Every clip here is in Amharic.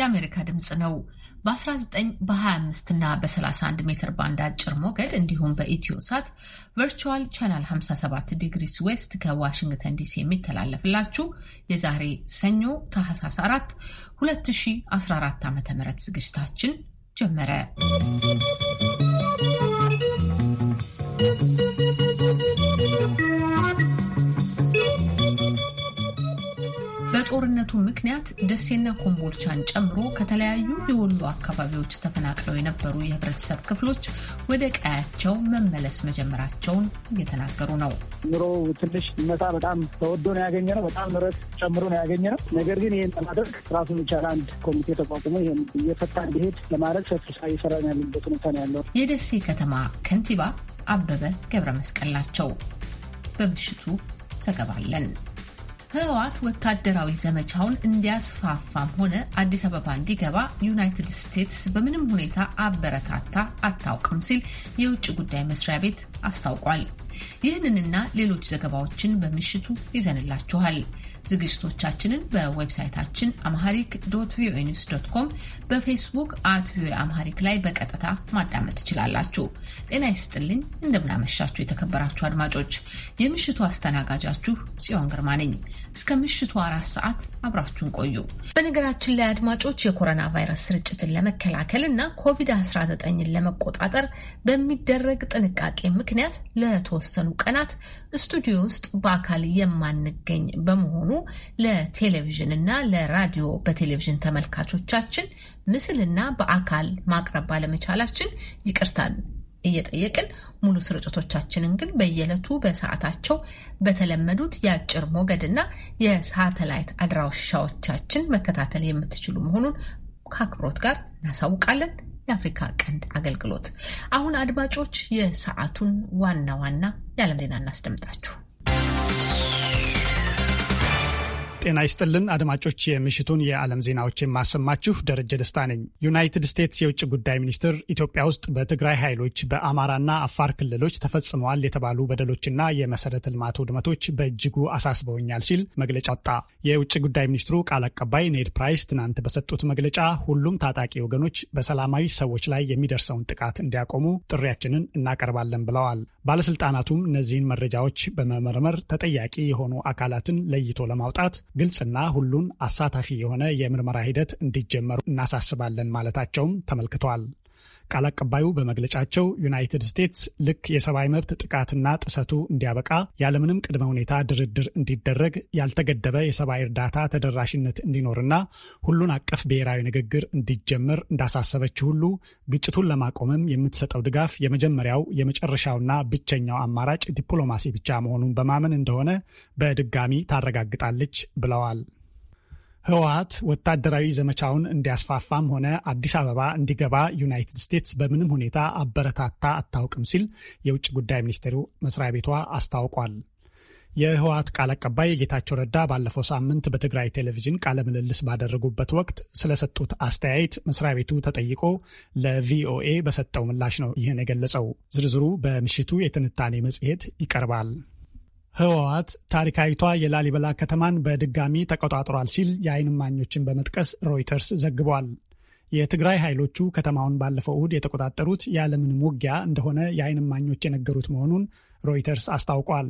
የአሜሪካ ድምፅ ነው። በ19 በ25 እና በ31 ሜትር ባንድ አጭር ሞገድ እንዲሁም በኢትዮ ሳት ቨርቹዋል ቻናል 57 ዲግሪስ ዌስት ከዋሽንግተን ዲሲ የሚተላለፍላችሁ የዛሬ ሰኞ ታህሳስ 4 2014 ዓ ም ዝግጅታችን ጀመረ። በጦርነቱ ምክንያት ደሴና ኮምቦልቻን ጨምሮ ከተለያዩ የወሎ አካባቢዎች ተፈናቅለው የነበሩ የህብረተሰብ ክፍሎች ወደ ቀያቸው መመለስ መጀመራቸውን እየተናገሩ ነው። ኑሮ ትንሽ ይመጣ በጣም ተወዶ ነው ያገኘ ነው። በጣም ንረት ጨምሮ ነው ያገኘ ነው። ነገር ግን ይህን ለማድረግ ራሱን የቻለ አንድ ኮሚቴ ተቋቁሞ ይህን እየፈታ እንዲሄድ ለማድረግ ሰፊ ስራ እየሰራን ያለበት ሁኔታ ነው ያለው። የደሴ ከተማ ከንቲባ አበበ ገብረ መስቀል ናቸው። በምሽቱ ዘገባ ህወሓት ወታደራዊ ዘመቻውን እንዲያስፋፋም ሆነ አዲስ አበባ እንዲገባ ዩናይትድ ስቴትስ በምንም ሁኔታ አበረታታ አታውቅም ሲል የውጭ ጉዳይ መስሪያ ቤት አስታውቋል። ይህንንና ሌሎች ዘገባዎችን በምሽቱ ይዘንላችኋል። ዝግጅቶቻችንን በዌብሳይታችን አምሃሪክ ዶት ቪኦኤ ኒውስ ዶት ኮም፣ በፌስቡክ አት ቪኦኤ አምሃሪክ ላይ በቀጥታ ማዳመጥ ትችላላችሁ። ጤና ይስጥልኝ፣ እንደምናመሻችሁ የተከበራችሁ አድማጮች፣ የምሽቱ አስተናጋጃችሁ ጽዮን ግርማ ነኝ። እስከ ምሽቱ አራት ሰዓት አብራችሁን ቆዩ። በነገራችን ላይ አድማጮች የኮሮና ቫይረስ ስርጭትን ለመከላከል እና ኮቪድ-19ን ለመቆጣጠር በሚደረግ ጥንቃቄ ምክንያት ለተወሰኑ ቀናት ስቱዲዮ ውስጥ በአካል የማንገኝ በመሆኑ ለቴሌቪዥን እና ለራዲዮ በቴሌቪዥን ተመልካቾቻችን ምስልና በአካል ማቅረብ ባለመቻላችን ይቅርታል እየጠየቅን ሙሉ ስርጭቶቻችንን ግን በየዕለቱ በሰዓታቸው በተለመዱት የአጭር ሞገድና የሳተላይት አድራሻዎቻችን መከታተል የምትችሉ መሆኑን ከአክብሮት ጋር እናሳውቃለን። የአፍሪካ ቀንድ አገልግሎት። አሁን አድማጮች፣ የሰዓቱን ዋና ዋና የዓለም ዜና እናስደምጣችሁ። ጤና ይስጥልን አድማጮች፣ የምሽቱን የዓለም ዜናዎች የማሰማችሁ ደረጀ ደስታ ነኝ። ዩናይትድ ስቴትስ የውጭ ጉዳይ ሚኒስትር ኢትዮጵያ ውስጥ በትግራይ ኃይሎች በአማራና አፋር ክልሎች ተፈጽመዋል የተባሉ በደሎችና የመሰረተ ልማት ውድመቶች በእጅጉ አሳስበውኛል ሲል መግለጫ ወጣ። የውጭ ጉዳይ ሚኒስትሩ ቃል አቀባይ ኔድ ፕራይስ ትናንት በሰጡት መግለጫ ሁሉም ታጣቂ ወገኖች በሰላማዊ ሰዎች ላይ የሚደርሰውን ጥቃት እንዲያቆሙ ጥሪያችንን እናቀርባለን ብለዋል። ባለስልጣናቱም እነዚህን መረጃዎች በመመርመር ተጠያቂ የሆኑ አካላትን ለይቶ ለማውጣት ግልጽና ሁሉን አሳታፊ የሆነ የምርመራ ሂደት እንዲጀመሩ እናሳስባለን ማለታቸውም ተመልክቷል። ቃል አቀባዩ በመግለጫቸው ዩናይትድ ስቴትስ ልክ የሰብአዊ መብት ጥቃትና ጥሰቱ እንዲያበቃ ያለምንም ቅድመ ሁኔታ ድርድር እንዲደረግ ያልተገደበ የሰብአዊ እርዳታ ተደራሽነት እንዲኖርና ሁሉን አቀፍ ብሔራዊ ንግግር እንዲጀምር እንዳሳሰበች ሁሉ ግጭቱን ለማቆምም የምትሰጠው ድጋፍ የመጀመሪያው የመጨረሻውና ብቸኛው አማራጭ ዲፕሎማሲ ብቻ መሆኑን በማመን እንደሆነ በድጋሚ ታረጋግጣለች ብለዋል። ህወሀት ወታደራዊ ዘመቻውን እንዲያስፋፋም ሆነ አዲስ አበባ እንዲገባ ዩናይትድ ስቴትስ በምንም ሁኔታ አበረታታ አታውቅም ሲል የውጭ ጉዳይ ሚኒስቴሩ መስሪያ ቤቷ አስታውቋል። የህወሀት ቃል አቀባይ የጌታቸው ረዳ ባለፈው ሳምንት በትግራይ ቴሌቪዥን ቃለ ምልልስ ባደረጉበት ወቅት ስለሰጡት አስተያየት መስሪያ ቤቱ ተጠይቆ ለቪኦኤ በሰጠው ምላሽ ነው ይህን የገለጸው። ዝርዝሩ በምሽቱ የትንታኔ መጽሔት ይቀርባል። ህወሓት ታሪካዊቷ የላሊበላ ከተማን በድጋሚ ተቆጣጥሯል ሲል የአይን እማኞችን በመጥቀስ ሮይተርስ ዘግቧል። የትግራይ ኃይሎቹ ከተማውን ባለፈው እሁድ የተቆጣጠሩት ያለምንም ውጊያ እንደሆነ የአይን እማኞች የነገሩት መሆኑን ሮይተርስ አስታውቋል።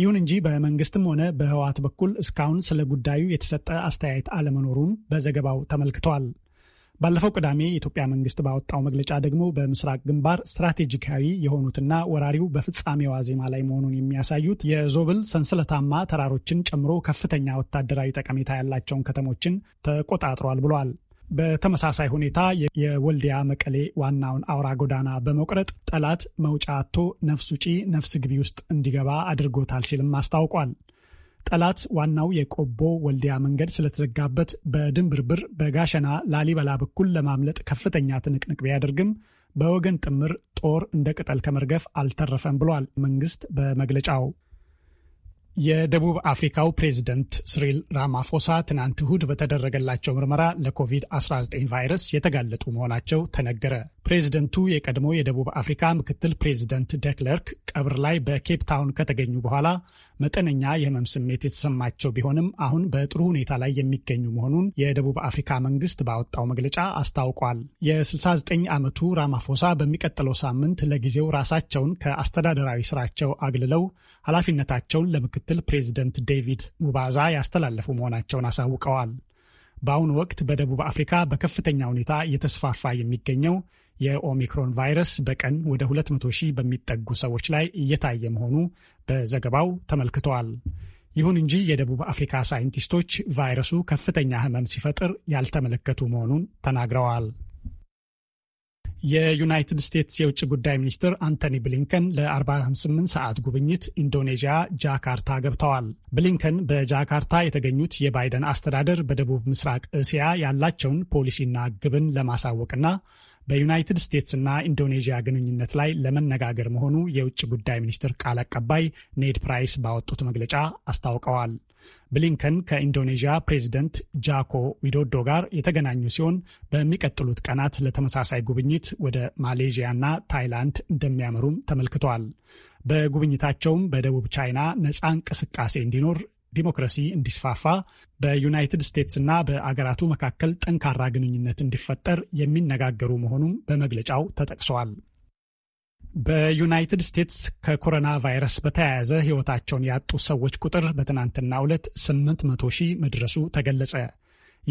ይሁን እንጂ በመንግስትም ሆነ በህወሓት በኩል እስካሁን ስለ ጉዳዩ የተሰጠ አስተያየት አለመኖሩን በዘገባው ተመልክቷል። ባለፈው ቅዳሜ የኢትዮጵያ መንግስት ባወጣው መግለጫ ደግሞ በምስራቅ ግንባር ስትራቴጂካዊ የሆኑትና ወራሪው በፍጻሜው ዋዜማ ላይ መሆኑን የሚያሳዩት የዞብል ሰንሰለታማ ተራሮችን ጨምሮ ከፍተኛ ወታደራዊ ጠቀሜታ ያላቸውን ከተሞችን ተቆጣጥሯል ብሏል። በተመሳሳይ ሁኔታ የወልዲያ መቀሌ ዋናውን አውራ ጎዳና በመቁረጥ ጠላት መውጫ አቶ ነፍስ ውጪ ነፍስ ግቢ ውስጥ እንዲገባ አድርጎታል ሲልም አስታውቋል። ጠላት ዋናው የቆቦ ወልዲያ መንገድ ስለተዘጋበት በድንብርብር በጋሸና ላሊበላ በኩል ለማምለጥ ከፍተኛ ትንቅንቅ ቢያደርግም በወገን ጥምር ጦር እንደ ቅጠል ከመርገፍ አልተረፈም ብሏል መንግስት በመግለጫው። የደቡብ አፍሪካው ፕሬዚደንት ስሪል ራማፎሳ ትናንት እሁድ በተደረገላቸው ምርመራ ለኮቪድ-19 ቫይረስ የተጋለጡ መሆናቸው ተነገረ። ፕሬዝደንቱ የቀድሞ የደቡብ አፍሪካ ምክትል ፕሬዝደንት ደክለርክ ቀብር ላይ በኬፕ ታውን ከተገኙ በኋላ መጠነኛ የህመም ስሜት የተሰማቸው ቢሆንም አሁን በጥሩ ሁኔታ ላይ የሚገኙ መሆኑን የደቡብ አፍሪካ መንግስት ባወጣው መግለጫ አስታውቋል። የ69 ዓመቱ ራማፎሳ በሚቀጥለው ሳምንት ለጊዜው ራሳቸውን ከአስተዳደራዊ ስራቸው አግልለው ኃላፊነታቸውን ለምክትል ፕሬዝደንት ዴቪድ ሙባዛ ያስተላለፉ መሆናቸውን አሳውቀዋል። በአሁኑ ወቅት በደቡብ አፍሪካ በከፍተኛ ሁኔታ እየተስፋፋ የሚገኘው የኦሚክሮን ቫይረስ በቀን ወደ 200 ሺህ በሚጠጉ ሰዎች ላይ እየታየ መሆኑ በዘገባው ተመልክተዋል። ይሁን እንጂ የደቡብ አፍሪካ ሳይንቲስቶች ቫይረሱ ከፍተኛ ህመም ሲፈጥር ያልተመለከቱ መሆኑን ተናግረዋል። የዩናይትድ ስቴትስ የውጭ ጉዳይ ሚኒስትር አንቶኒ ብሊንከን ለ48 ሰዓት ጉብኝት ኢንዶኔዥያ ጃካርታ ገብተዋል። ብሊንከን በጃካርታ የተገኙት የባይደን አስተዳደር በደቡብ ምስራቅ እስያ ያላቸውን ፖሊሲና ግብን ለማሳወቅና በዩናይትድ ስቴትስና ኢንዶኔዥያ ግንኙነት ላይ ለመነጋገር መሆኑ የውጭ ጉዳይ ሚኒስትር ቃል አቀባይ ኔድ ፕራይስ ባወጡት መግለጫ አስታውቀዋል። ብሊንከን ከኢንዶኔዥያ ፕሬዚደንት ጃኮ ዊዶዶ ጋር የተገናኙ ሲሆን በሚቀጥሉት ቀናት ለተመሳሳይ ጉብኝት ወደ ማሌዥያና ታይላንድ እንደሚያመሩም ተመልክቷል። በጉብኝታቸውም በደቡብ ቻይና ነፃ እንቅስቃሴ እንዲኖር ዲሞክራሲ እንዲስፋፋ በዩናይትድ ስቴትስ እና በአገራቱ መካከል ጠንካራ ግንኙነት እንዲፈጠር የሚነጋገሩ መሆኑም በመግለጫው ተጠቅሰዋል። በዩናይትድ ስቴትስ ከኮሮና ቫይረስ በተያያዘ ሕይወታቸውን ያጡ ሰዎች ቁጥር በትናንትናው ዕለት 800 ሺህ መድረሱ ተገለጸ።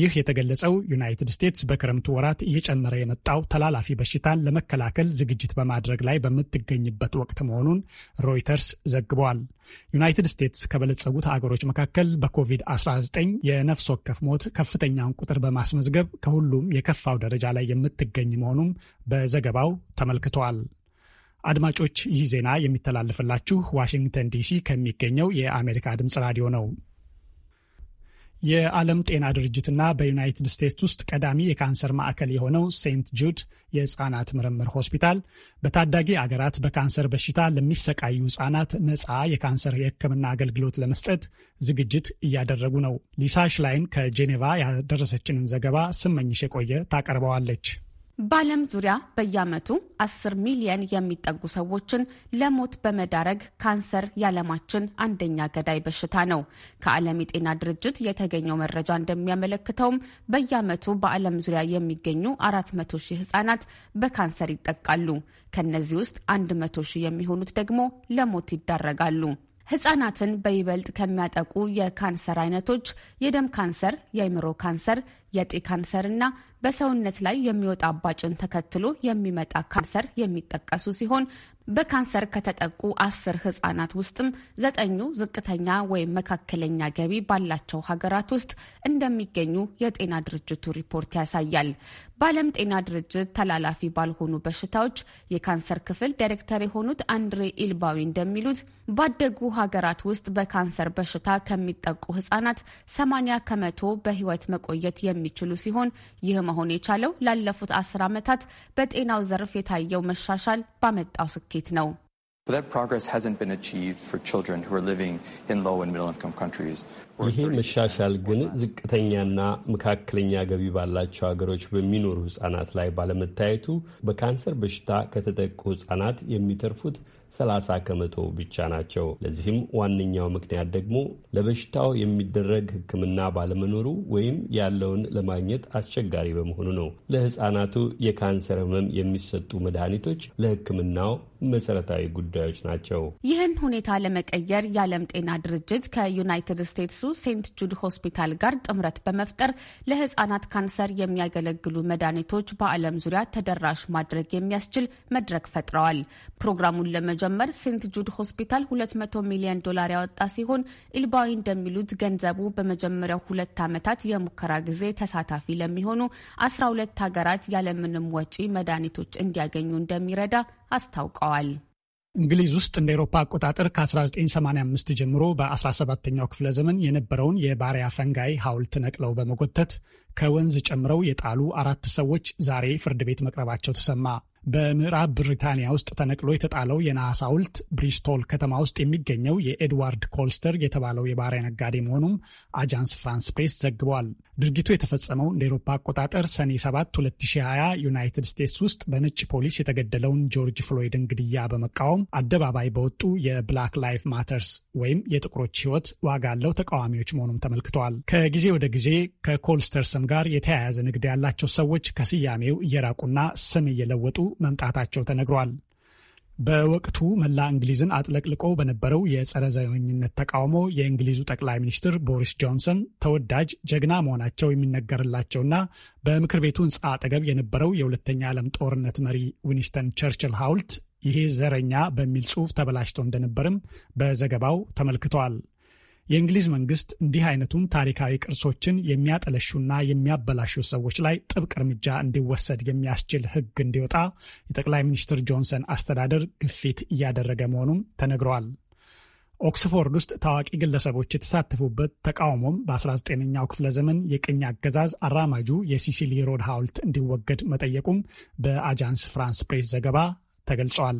ይህ የተገለጸው ዩናይትድ ስቴትስ በክረምቱ ወራት እየጨመረ የመጣው ተላላፊ በሽታን ለመከላከል ዝግጅት በማድረግ ላይ በምትገኝበት ወቅት መሆኑን ሮይተርስ ዘግቧል። ዩናይትድ ስቴትስ ከበለጸጉት አገሮች መካከል በኮቪድ-19 የነፍስ ወከፍ ሞት ከፍተኛውን ቁጥር በማስመዝገብ ከሁሉም የከፋው ደረጃ ላይ የምትገኝ መሆኑም በዘገባው ተመልክቷል። አድማጮች፣ ይህ ዜና የሚተላለፍላችሁ ዋሽንግተን ዲሲ ከሚገኘው የአሜሪካ ድምፅ ራዲዮ ነው። የዓለም ጤና ድርጅትና በዩናይትድ ስቴትስ ውስጥ ቀዳሚ የካንሰር ማዕከል የሆነው ሴንት ጁድ የህፃናት ምርምር ሆስፒታል በታዳጊ አገራት በካንሰር በሽታ ለሚሰቃዩ ህፃናት ነፃ የካንሰር የህክምና አገልግሎት ለመስጠት ዝግጅት እያደረጉ ነው። ሊሳ ሽላይን ከጄኔቫ ያደረሰችንን ዘገባ ስመኝሽ የቆየ ታቀርበዋለች። በዓለም ዙሪያ በየዓመቱ አስር ሚሊየን የሚጠጉ ሰዎችን ለሞት በመዳረግ ካንሰር የዓለማችን አንደኛ ገዳይ በሽታ ነው። ከዓለም የጤና ድርጅት የተገኘው መረጃ እንደሚያመለክተውም በየዓመቱ በዓለም ዙሪያ የሚገኙ 400 መቶ ሺህ ህጻናት በካንሰር ይጠቃሉ። ከእነዚህ ውስጥ አንድ መቶ ሺህ የሚሆኑት ደግሞ ለሞት ይዳረጋሉ። ህጻናትን በይበልጥ ከሚያጠቁ የካንሰር አይነቶች የደም ካንሰር፣ የአይምሮ ካንሰር፣ የጢ ካንሰር እና በሰውነት ላይ የሚወጣ አባጭን ተከትሎ የሚመጣ ካንሰር የሚጠቀሱ ሲሆን በካንሰር ከተጠቁ አስር ህጻናት ውስጥም ዘጠኙ ዝቅተኛ ወይም መካከለኛ ገቢ ባላቸው ሀገራት ውስጥ እንደሚገኙ የጤና ድርጅቱ ሪፖርት ያሳያል። በዓለም ጤና ድርጅት ተላላፊ ባልሆኑ በሽታዎች የካንሰር ክፍል ዳይሬክተር የሆኑት አንድሬ ኢልባዊ እንደሚሉት ባደጉ ሀገራት ውስጥ በካንሰር በሽታ ከሚጠቁ ህጻናት ሰማንያ ከመቶ በህይወት መቆየት የሚችሉ ሲሆን ይህ መሆን የቻለው ላለፉት አስር ዓመታት በጤናው ዘርፍ የታየው መሻሻል ባመጣው ስኬት ስኬት ነው። ይሄ መሻሻል ግን ዝቅተኛና መካከለኛ ገቢ ባላቸው ሀገሮች በሚኖሩ ህጻናት ላይ ባለመታየቱ በካንሰር በሽታ ከተጠቁ ህጻናት የሚተርፉት 30 ከመቶ ብቻ ናቸው። ለዚህም ዋነኛው ምክንያት ደግሞ ለበሽታው የሚደረግ ሕክምና ባለመኖሩ ወይም ያለውን ለማግኘት አስቸጋሪ በመሆኑ ነው። ለሕፃናቱ የካንሰር ህመም የሚሰጡ መድኃኒቶች ለሕክምናው መሰረታዊ ጉዳዮች ናቸው። ይህን ሁኔታ ለመቀየር የዓለም ጤና ድርጅት ከዩናይትድ ስቴትሱ ሴንት ጁድ ሆስፒታል ጋር ጥምረት በመፍጠር ለህጻናት ካንሰር የሚያገለግሉ መድኃኒቶች በዓለም ዙሪያ ተደራሽ ማድረግ የሚያስችል መድረክ ፈጥረዋል። ፕሮግራሙን ለመጀመር ሴንት ጁድ ሆስፒታል 200 ሚሊዮን ዶላር ያወጣ ሲሆን ኢልባዊ እንደሚሉት ገንዘቡ በመጀመሪያው ሁለት ዓመታት የሙከራ ጊዜ ተሳታፊ ለሚሆኑ 12 ሀገራት ያለምንም ወጪ መድኃኒቶች እንዲያገኙ እንደሚረዳ አስታውቀዋል። እንግሊዝ ውስጥ እንደ ኤሮፓ አቆጣጠር ከ1985 ጀምሮ በ17ኛው ክፍለ ዘመን የነበረውን የባሪያ ፈንጋይ ሐውልት ነቅለው በመጎተት ከወንዝ ጨምረው የጣሉ አራት ሰዎች ዛሬ ፍርድ ቤት መቅረባቸው ተሰማ። በምዕራብ ብሪታንያ ውስጥ ተነቅሎ የተጣለው የነሐስ ሐውልት ብሪስቶል ከተማ ውስጥ የሚገኘው የኤድዋርድ ኮልስተር የተባለው የባሪያ ነጋዴ መሆኑም አጃንስ ፍራንስ ፕሬስ ዘግቧል። ድርጊቱ የተፈጸመው እንደ ኤሮፓ አቆጣጠር ሰኔ 7 2020 ዩናይትድ ስቴትስ ውስጥ በነጭ ፖሊስ የተገደለውን ጆርጅ ፍሎይድን ግድያ በመቃወም አደባባይ በወጡ የብላክ ላይፍ ማተርስ ወይም የጥቁሮች ሕይወት ዋጋ አለው ተቃዋሚዎች መሆኑም ተመልክተዋል። ከጊዜ ወደ ጊዜ ከኮልስተር ስም ጋር የተያያዘ ንግድ ያላቸው ሰዎች ከስያሜው እየራቁና ስም እየለወጡ መምጣታቸው ተነግሯል። በወቅቱ መላ እንግሊዝን አጥለቅልቆ በነበረው የጸረ ዘረኝነት ተቃውሞ የእንግሊዙ ጠቅላይ ሚኒስትር ቦሪስ ጆንሰን ተወዳጅ ጀግና መሆናቸው የሚነገርላቸውና በምክር ቤቱ ሕንፃ አጠገብ የነበረው የሁለተኛ ዓለም ጦርነት መሪ ዊኒስተን ቸርችል ሐውልት ይሄ ዘረኛ በሚል ጽሑፍ ተበላሽቶ እንደነበርም በዘገባው ተመልክተዋል። የእንግሊዝ መንግስት እንዲህ አይነቱን ታሪካዊ ቅርሶችን የሚያጠለሹና የሚያበላሹ ሰዎች ላይ ጥብቅ እርምጃ እንዲወሰድ የሚያስችል ሕግ እንዲወጣ የጠቅላይ ሚኒስትር ጆንሰን አስተዳደር ግፊት እያደረገ መሆኑም ተነግረዋል። ኦክስፎርድ ውስጥ ታዋቂ ግለሰቦች የተሳተፉበት ተቃውሞም በ19ኛው ክፍለ ዘመን የቅኝ አገዛዝ አራማጁ የሲሲሊ ሮድ ሐውልት እንዲወገድ መጠየቁም በአጃንስ ፍራንስ ፕሬስ ዘገባ ተገልጿል።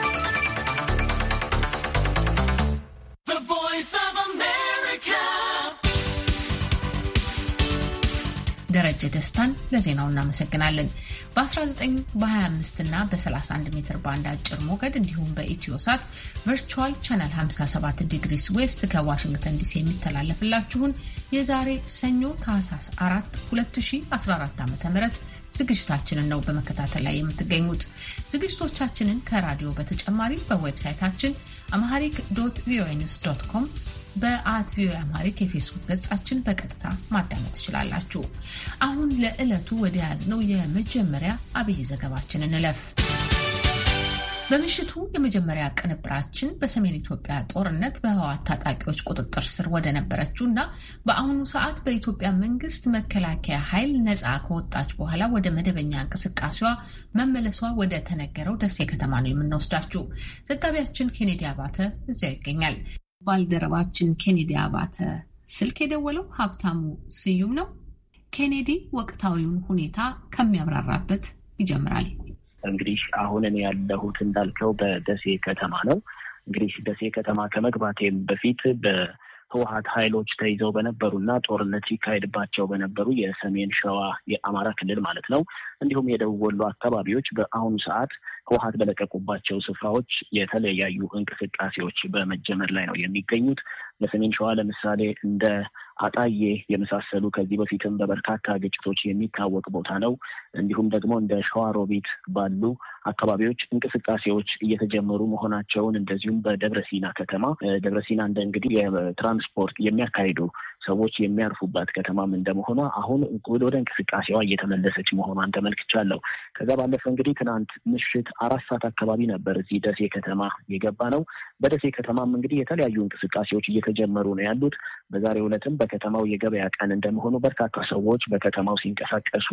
ደረጀ ደስታን ለዜናው እናመሰግናለን። በ19 በ25 እና በ31 ሜትር ባንድ አጭር ሞገድ እንዲሁም በኢትዮ ሳት ቨርቹዋል ቻናል 57 ዲግሪስ ዌስት ከዋሽንግተን ዲሲ የሚተላለፍላችሁን የዛሬ ሰኞ ታህሳስ 4 2014 ዓ ም ዝግጅታችንን ነው በመከታተል ላይ የምትገኙት። ዝግጅቶቻችንን ከራዲዮ በተጨማሪ በዌብሳይታችን አምሃሪክ ዶት ቪኦኤ ኒውስ ዶት ኮም በአት ቪኦኤ አማሪክ የፌስቡክ ገጻችን በቀጥታ ማዳመጥ ትችላላችሁ። አሁን ለዕለቱ ወደ ያዝነው የመጀመሪያ አብይ ዘገባችን እንለፍ። በምሽቱ የመጀመሪያ ቅንብራችን በሰሜን ኢትዮጵያ ጦርነት በህወሓት ታጣቂዎች ቁጥጥር ስር ወደ ነበረችው እና በአሁኑ ሰዓት በኢትዮጵያ መንግስት መከላከያ ኃይል ነፃ ከወጣች በኋላ ወደ መደበኛ እንቅስቃሴዋ መመለሷ ወደ ተነገረው ደሴ ከተማ ነው የምንወስዳችሁ። ዘጋቢያችን ኬኔዲ አባተ እዚያ ይገኛል። ባልደረባችን ኬኔዲ አባተ ስልክ የደወለው ሀብታሙ ስዩም ነው። ኬኔዲ ወቅታዊውን ሁኔታ ከሚያብራራበት ይጀምራል። እንግዲህ አሁን እኔ ያለሁት እንዳልከው በደሴ ከተማ ነው። እንግዲህ ደሴ ከተማ ከመግባቴም በፊት ህወሀት ኃይሎች ተይዘው በነበሩና ጦርነት ሲካሄድባቸው በነበሩ የሰሜን ሸዋ የአማራ ክልል ማለት ነው እንዲሁም የደቡብ ወሎ አካባቢዎች በአሁኑ ሰዓት ህወሀት በለቀቁባቸው ስፍራዎች የተለያዩ እንቅስቃሴዎች በመጀመር ላይ ነው የሚገኙት። በሰሜን ሸዋ ለምሳሌ እንደ አጣዬ የመሳሰሉ ከዚህ በፊትም በበርካታ ግጭቶች የሚታወቅ ቦታ ነው። እንዲሁም ደግሞ እንደ ሸዋሮቢት ባሉ አካባቢዎች እንቅስቃሴዎች እየተጀመሩ መሆናቸውን እንደዚሁም በደብረ ሲና ከተማ ደብረ ሲና እንደ እንግዲህ የትራንስፖርት የሚያካሂዱ ሰዎች የሚያርፉባት ከተማም እንደመሆኗ አሁን ወደ እንቅስቃሴዋ እየተመለሰች መሆኗን ተመልክቻለሁ። ከዛ ባለፈ እንግዲህ ትናንት ምሽት አራት ሰዓት አካባቢ ነበር እዚህ ደሴ ከተማ የገባ ነው። በደሴ ከተማም እንግዲህ የተለያዩ እንቅስቃሴዎች እየተጀመሩ ነው ያሉት። በዛሬው ዕለትም በከተማው የገበያ ቀን እንደመሆኑ በርካታ ሰዎች በከተማው ሲንቀሳቀሱ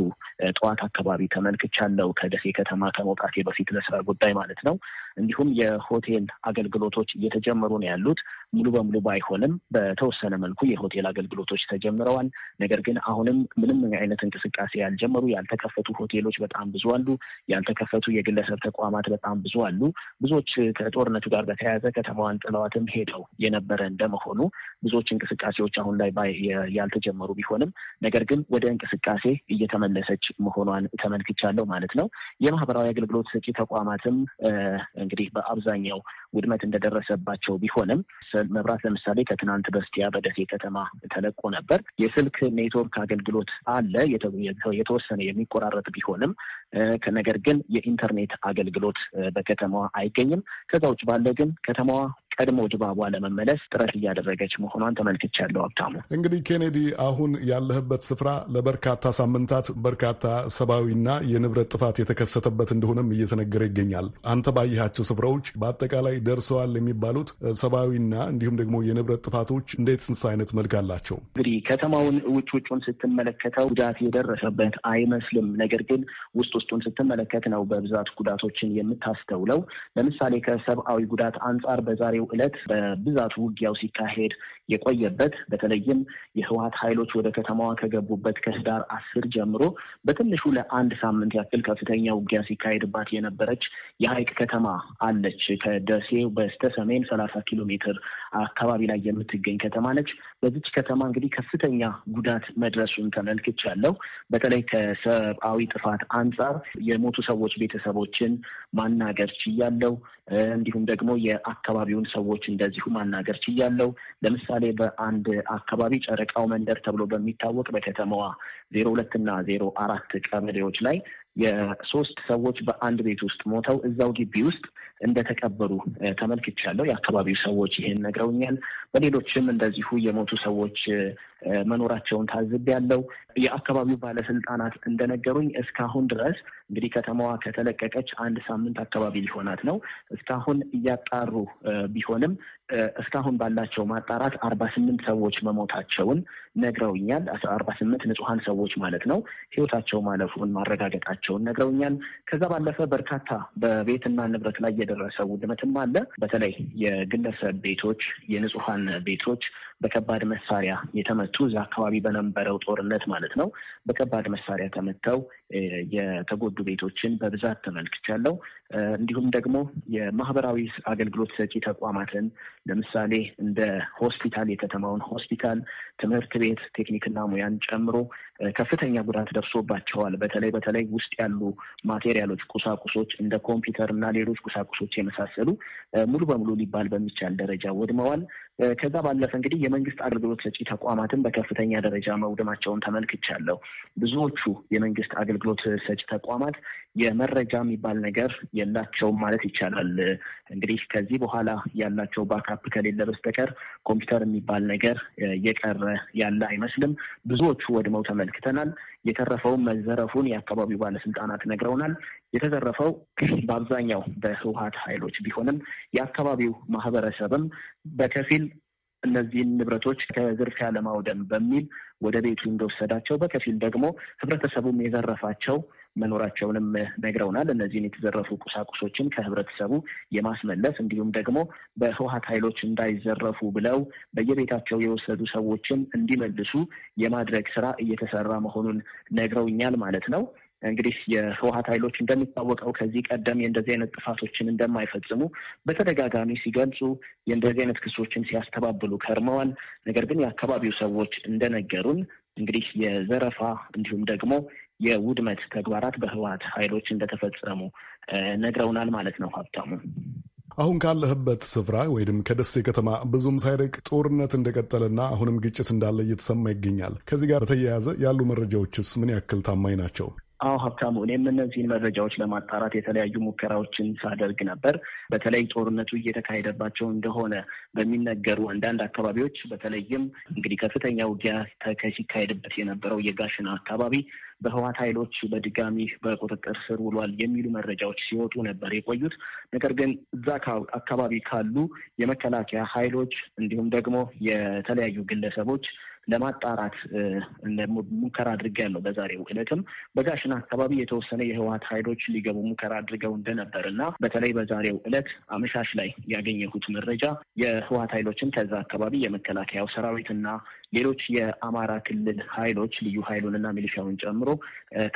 ጠዋት አካባቢ ተመልክቻለሁ ከደሴ ከተማ ከመውጣት በፊት ለስራ ጉዳይ ማለት ነው። እንዲሁም የሆቴል አገልግሎቶች እየተጀመሩ ነው ያሉት። ሙሉ በሙሉ ባይሆንም በተወሰነ መልኩ የሆቴል አገልግሎቶች ተጀምረዋል። ነገር ግን አሁንም ምንም አይነት እንቅስቃሴ ያልጀመሩ ያልተከፈቱ ሆቴሎች በጣም ብዙ አሉ። ያልተከፈቱ የግለሰብ ተቋማት በጣም ብዙ አሉ። ብዙዎች ከጦርነቱ ጋር በተያያዘ ከተማዋን ጥለዋትም ሄደው የነበረ እንደመሆኑ ብዙዎች እንቅስቃሴዎች አሁን ላይ ያልተጀመሩ ቢሆንም ነገር ግን ወደ እንቅስቃሴ እየተመለሰች መሆኗን ተመልክቻለሁ ማለት ነው። የማህበራዊ አገልግሎት ሰጪ ተቋማትም እንግዲህ በአብዛኛው ውድመት እንደደረሰባቸው ቢሆንም መብራት ለምሳሌ ከትናንት በስቲያ በደሴ ከተማ ተለቆ ነበር። የስልክ ኔትወርክ አገልግሎት አለ፣ የተወሰነ የሚቆራረጥ ቢሆንም ነገር ግን የኢንተርኔት አገልግሎት በከተማዋ አይገኝም። ከዛ ውጭ ባለ ግን ከተማዋ ቀድሞ ድባቧ ለመመለስ ጥረት እያደረገች መሆኗን ተመልክቻለሁ። ሀብታሙ እንግዲህ ኬኔዲ፣ አሁን ያለህበት ስፍራ ለበርካታ ሳምንታት በርካታ ሰብአዊና የንብረት ጥፋት የተከሰተበት እንደሆነም እየተነገረ ይገኛል። አንተ ባየሃቸው ስፍራዎች በአጠቃላይ ደርሰዋል የሚባሉት ሰብአዊና እንዲሁም ደግሞ የንብረት ጥፋቶች እንዴት ስንስ አይነት መልክ አላቸው? እንግዲህ ከተማውን ውጭ ውጩን ስትመለከተው ጉዳት የደረሰበት አይመስልም። ነገር ግን ውስጥ ውስጡን ስትመለከት ነው በብዛት ጉዳቶችን የምታስተውለው። ለምሳሌ ከሰብአዊ ጉዳት አንጻር በዛሬው ዕለት በብዛት ውጊያው ሲካሄድ የቆየበት በተለይም የህወሀት ኃይሎች ወደ ከተማዋ ከገቡበት ከህዳር አስር ጀምሮ በትንሹ ለአንድ ሳምንት ያክል ከፍተኛ ውጊያ ሲካሄድባት የነበረች የሀይቅ ከተማ አለች። ከደሴ በስተ ሰሜን ሰላሳ ኪሎ ሜትር አካባቢ ላይ የምትገኝ ከተማ ነች። በዚች ከተማ እንግዲህ ከፍተኛ ጉዳት መድረሱን ተመልክቻለሁ። በተለይ ከሰብአዊ ጥፋት አንጻር የሞቱ ሰዎች ቤተሰቦችን ማናገር ችያለው። እንዲሁም ደግሞ የአካባቢውን ሰዎች እንደዚሁ ማናገር ችያለው። ለምሳሌ ለምሳሌ በአንድ አካባቢ ጨረቃው መንደር ተብሎ በሚታወቅ በከተማዋ ዜሮ ሁለት እና ዜሮ አራት ቀበሌዎች ላይ የሶስት ሰዎች በአንድ ቤት ውስጥ ሞተው እዛው ግቢ ውስጥ እንደተቀበሩ ተመልክቻለሁ። የአካባቢው ሰዎች ይሄን ነግረውኛል። በሌሎችም እንደዚሁ የሞቱ ሰዎች መኖራቸውን ያለው የአካባቢው ባለስልጣናት እንደነገሩኝ እስካሁን ድረስ እንግዲህ ከተማዋ ከተለቀቀች አንድ ሳምንት አካባቢ ሊሆናት ነው። እስካሁን እያጣሩ ቢሆንም እስካሁን ባላቸው ማጣራት አርባ ስምንት ሰዎች መሞታቸውን ነግረውኛል። አርባ ስምንት ንጹሐን ሰዎች ማለት ነው ህይወታቸው ማለፉን ማረጋገጣቸውን ነግረውኛል። ከዛ ባለፈ በርካታ በቤትና ንብረት ላይ የደረሰ ውድመትም አለ። በተለይ የግለሰብ ቤቶች፣ የንጹሀን ቤቶች በከባድ መሳሪያ የተመቱ እዛ አካባቢ በነበረው ጦርነት ማለት ነው። በከባድ መሳሪያ ተመተው የተጎዱ ቤቶችን በብዛት ተመልክቻለሁ። እንዲሁም ደግሞ የማህበራዊ አገልግሎት ሰጪ ተቋማትን ለምሳሌ እንደ ሆስፒታል፣ የከተማውን ሆስፒታል፣ ትምህርት ቤት፣ ቴክኒክና ሙያን ጨምሮ ከፍተኛ ጉዳት ደርሶባቸዋል። በተለይ በተለይ ውስጥ ያሉ ማቴሪያሎች፣ ቁሳቁሶች እንደ ኮምፒውተር እና ሌሎች ቁሳቁሶች የመሳሰሉ ሙሉ በሙሉ ሊባል በሚቻል ደረጃ ወድመዋል። ከዛ ባለፈ እንግዲህ የመንግስት አገልግሎት ሰጪ ተቋማትን በከፍተኛ ደረጃ መውደማቸውን ተመልክቻለሁ። ብዙዎቹ የመንግስት አገልግሎት ሰጪ ተቋማት የመረጃ የሚባል ነገር የላቸውም ማለት ይቻላል። እንግዲህ ከዚህ በኋላ ያላቸው ባካፕ ከሌለ በስተቀር ኮምፒውተር የሚባል ነገር የቀረ ያለ አይመስልም። ብዙዎቹ ወድመው ተመልክተናል። የተረፈውን መዘረፉን የአካባቢው ባለስልጣናት ነግረውናል። የተዘረፈው በአብዛኛው በህወሀት ኃይሎች ቢሆንም የአካባቢው ማህበረሰብም በከፊል እነዚህን ንብረቶች ከዝርፊያ ለማውደም በሚል ወደ ቤቱ እንደወሰዳቸው፣ በከፊል ደግሞ ህብረተሰቡም የዘረፋቸው መኖራቸውንም ነግረውናል። እነዚህን የተዘረፉ ቁሳቁሶችን ከህብረተሰቡ የማስመለስ እንዲሁም ደግሞ በህወሀት ኃይሎች እንዳይዘረፉ ብለው በየቤታቸው የወሰዱ ሰዎችን እንዲመልሱ የማድረግ ስራ እየተሰራ መሆኑን ነግረውኛል ማለት ነው። እንግዲህ የህወሀት ኃይሎች እንደሚታወቀው ከዚህ ቀደም የእንደዚህ አይነት ጥፋቶችን እንደማይፈጽሙ በተደጋጋሚ ሲገልጹ የእንደዚህ አይነት ክሶችን ሲያስተባብሉ ከርመዋል። ነገር ግን የአካባቢው ሰዎች እንደነገሩን እንግዲህ የዘረፋ እንዲሁም ደግሞ የውድመት ተግባራት በህወሀት ኃይሎች እንደተፈጸሙ ነግረውናል ማለት ነው። ሀብታሙ አሁን ካለህበት ስፍራ ወይም ከደሴ ከተማ ብዙም ሳይርቅ ጦርነት እንደቀጠለና አሁንም ግጭት እንዳለ እየተሰማ ይገኛል። ከዚህ ጋር በተያያዘ ያሉ መረጃዎችስ ምን ያክል ታማኝ ናቸው? አዎ ሀብታሙ፣ እኔም እነዚህን መረጃዎች ለማጣራት የተለያዩ ሙከራዎችን ሳደርግ ነበር። በተለይ ጦርነቱ እየተካሄደባቸው እንደሆነ በሚነገሩ አንዳንድ አካባቢዎች በተለይም እንግዲህ ከፍተኛ ውጊያ ሲካሄድበት የነበረው የጋሽና አካባቢ በህዋት ኃይሎች በድጋሚ በቁጥጥር ስር ውሏል የሚሉ መረጃዎች ሲወጡ ነበር የቆዩት። ነገር ግን እዛ አካባቢ ካሉ የመከላከያ ኃይሎች እንዲሁም ደግሞ የተለያዩ ግለሰቦች ለማጣራት ሙከራ ያለው በዛሬው እለትም በጋሽና አካባቢ የተወሰነ የህወሀት ኃይሎች ሊገቡ ሙከራ አድርገው እንደነበር እና በተለይ በዛሬው እለት አመሻሽ ላይ ያገኘሁት መረጃ የህወሀት ኃይሎችን ከዛ አካባቢ የመከላከያው ሰራዊት እና ሌሎች የአማራ ክልል ኃይሎች ልዩ ኃይሉንና ሚሊሻውን ጨምሮ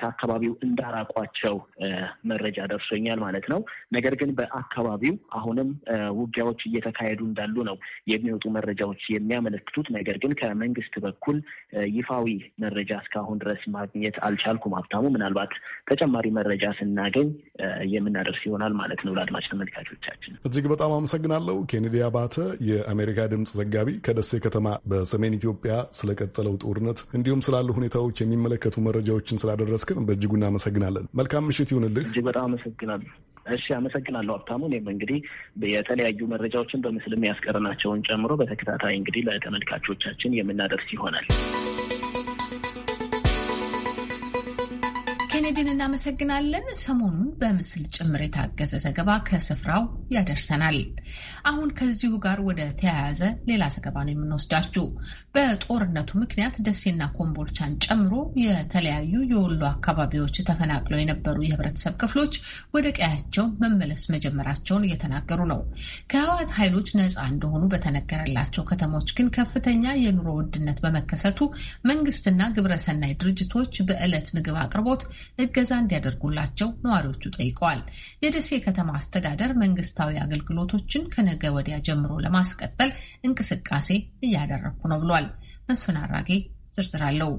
ከአካባቢው እንዳራቋቸው መረጃ ደርሶኛል ማለት ነው። ነገር ግን በአካባቢው አሁንም ውጊያዎች እየተካሄዱ እንዳሉ ነው የሚወጡ መረጃዎች የሚያመለክቱት። ነገር ግን ከመንግስት በኩል ይፋዊ መረጃ እስካሁን ድረስ ማግኘት አልቻልኩም። ሀብታሙ፣ ምናልባት ተጨማሪ መረጃ ስናገኝ የምናደርስ ይሆናል ማለት ነው ለአድማጭ ተመልካቾቻችን። እጅግ በጣም አመሰግናለሁ። ኬኔዲ አባተ፣ የአሜሪካ ድምፅ ዘጋቢ ከደሴ ከተማ በሰሜን ኢትዮጵያ ስለቀጠለው ጦርነት እንዲሁም ስላሉ ሁኔታዎች የሚመለከቱ መረጃዎችን ስላደረስክን በእጅጉ እናመሰግናለን። መልካም ምሽት ይሁንልህ። እጅግ በጣም አመሰግናለሁ። እሺ፣ አመሰግናለሁ ሀብታሙ። እኔም እንግዲህ የተለያዩ መረጃዎችን በምስልም የሚያስቀርናቸውን ጨምሮ በተከታታይ እንግዲህ ለተመልካቾቻችን የምናደርስ ይሆናል። ኬኔዲን እናመሰግናለን። ሰሞኑን በምስል ጭምር የታገዘ ዘገባ ከስፍራው ያደርሰናል። አሁን ከዚሁ ጋር ወደ ተያያዘ ሌላ ዘገባ ነው የምንወስዳችሁ። በጦርነቱ ምክንያት ደሴና ኮምቦልቻን ጨምሮ የተለያዩ የወሎ አካባቢዎች ተፈናቅለው የነበሩ የህብረተሰብ ክፍሎች ወደ ቀያቸው መመለስ መጀመራቸውን እየተናገሩ ነው። ከህወሓት ኃይሎች ነፃ እንደሆኑ በተነገረላቸው ከተሞች ግን ከፍተኛ የኑሮ ውድነት በመከሰቱ መንግስትና ግብረሰናይ ድርጅቶች በዕለት ምግብ አቅርቦት እገዛ እንዲያደርጉላቸው ነዋሪዎቹ ጠይቀዋል። የደሴ ከተማ አስተዳደር መንግስታዊ አገልግሎቶችን ከነገ ወዲያ ጀምሮ ለማስቀጠል እንቅስቃሴ እያደረግኩ ነው ብሏል። መስፍን አራጌ ዝርዝር አለው።